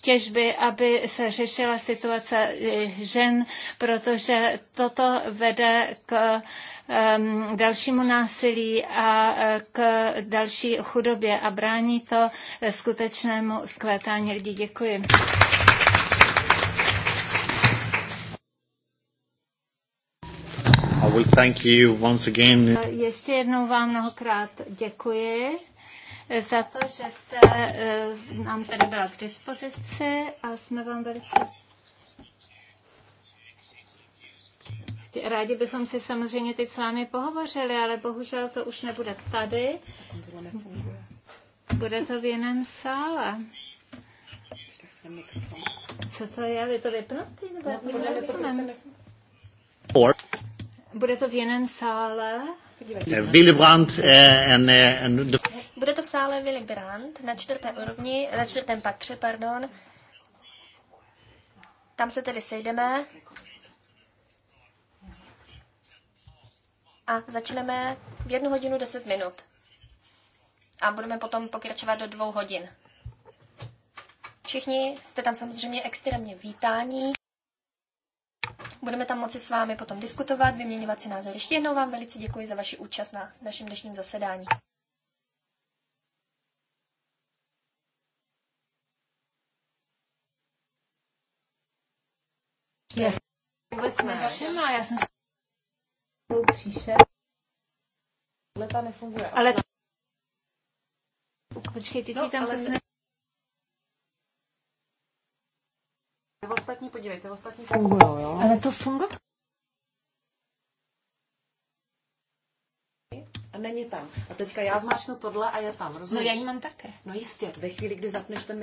[SPEAKER 2] těžby, aby se řešila situace žen, protože toto vede k ehm, dalšímu násilí a eh, k další chudobě a brání to skutečnému zkvétání lidí. Děkuji.
[SPEAKER 1] I will thank you once again.
[SPEAKER 2] Ještě jednou vám mnohokrát děkuji za to, že jste e, nám tady byla k dispozici a jsme vám velice Rádi bychom si samozřejmě teď s vámi pohovořili, ale bohužel to už nebude tady. Bude to v jiném sále. Co to je? Je to vypnutý? Nebo no, to bude to v jiném sále? Eh, Willy Brandt
[SPEAKER 1] eh, and, eh, and
[SPEAKER 4] Bude to v sále Willy Brandt na čtvrté úrovni, na čtvrtém patře, pardon. Tam se tedy sejdeme. A začneme v jednu hodinu 10 minut. A budeme potom pokračovat do dvou hodin. Všichni jste tam samozřejmě extrémně vítání. Budeme tam moci s vámi potom diskutovat, vyměňovat si názory. Ještě jednou vám velice děkuji za vaši účast na našem dnešním zasedání.
[SPEAKER 2] Já jsem vůbec nevšimla, já jsem si Leta nefunguje. Ale
[SPEAKER 3] počkej, ty, ty no, tam ale... se Ty ostatní, podívejte, ostatní fungují, jo? Ale to funguje. Není tam. A teďka já zmáčknu tohle a je tam, rozumíš? No já ji mám také. No jistě, ve chvíli, kdy zapneš ten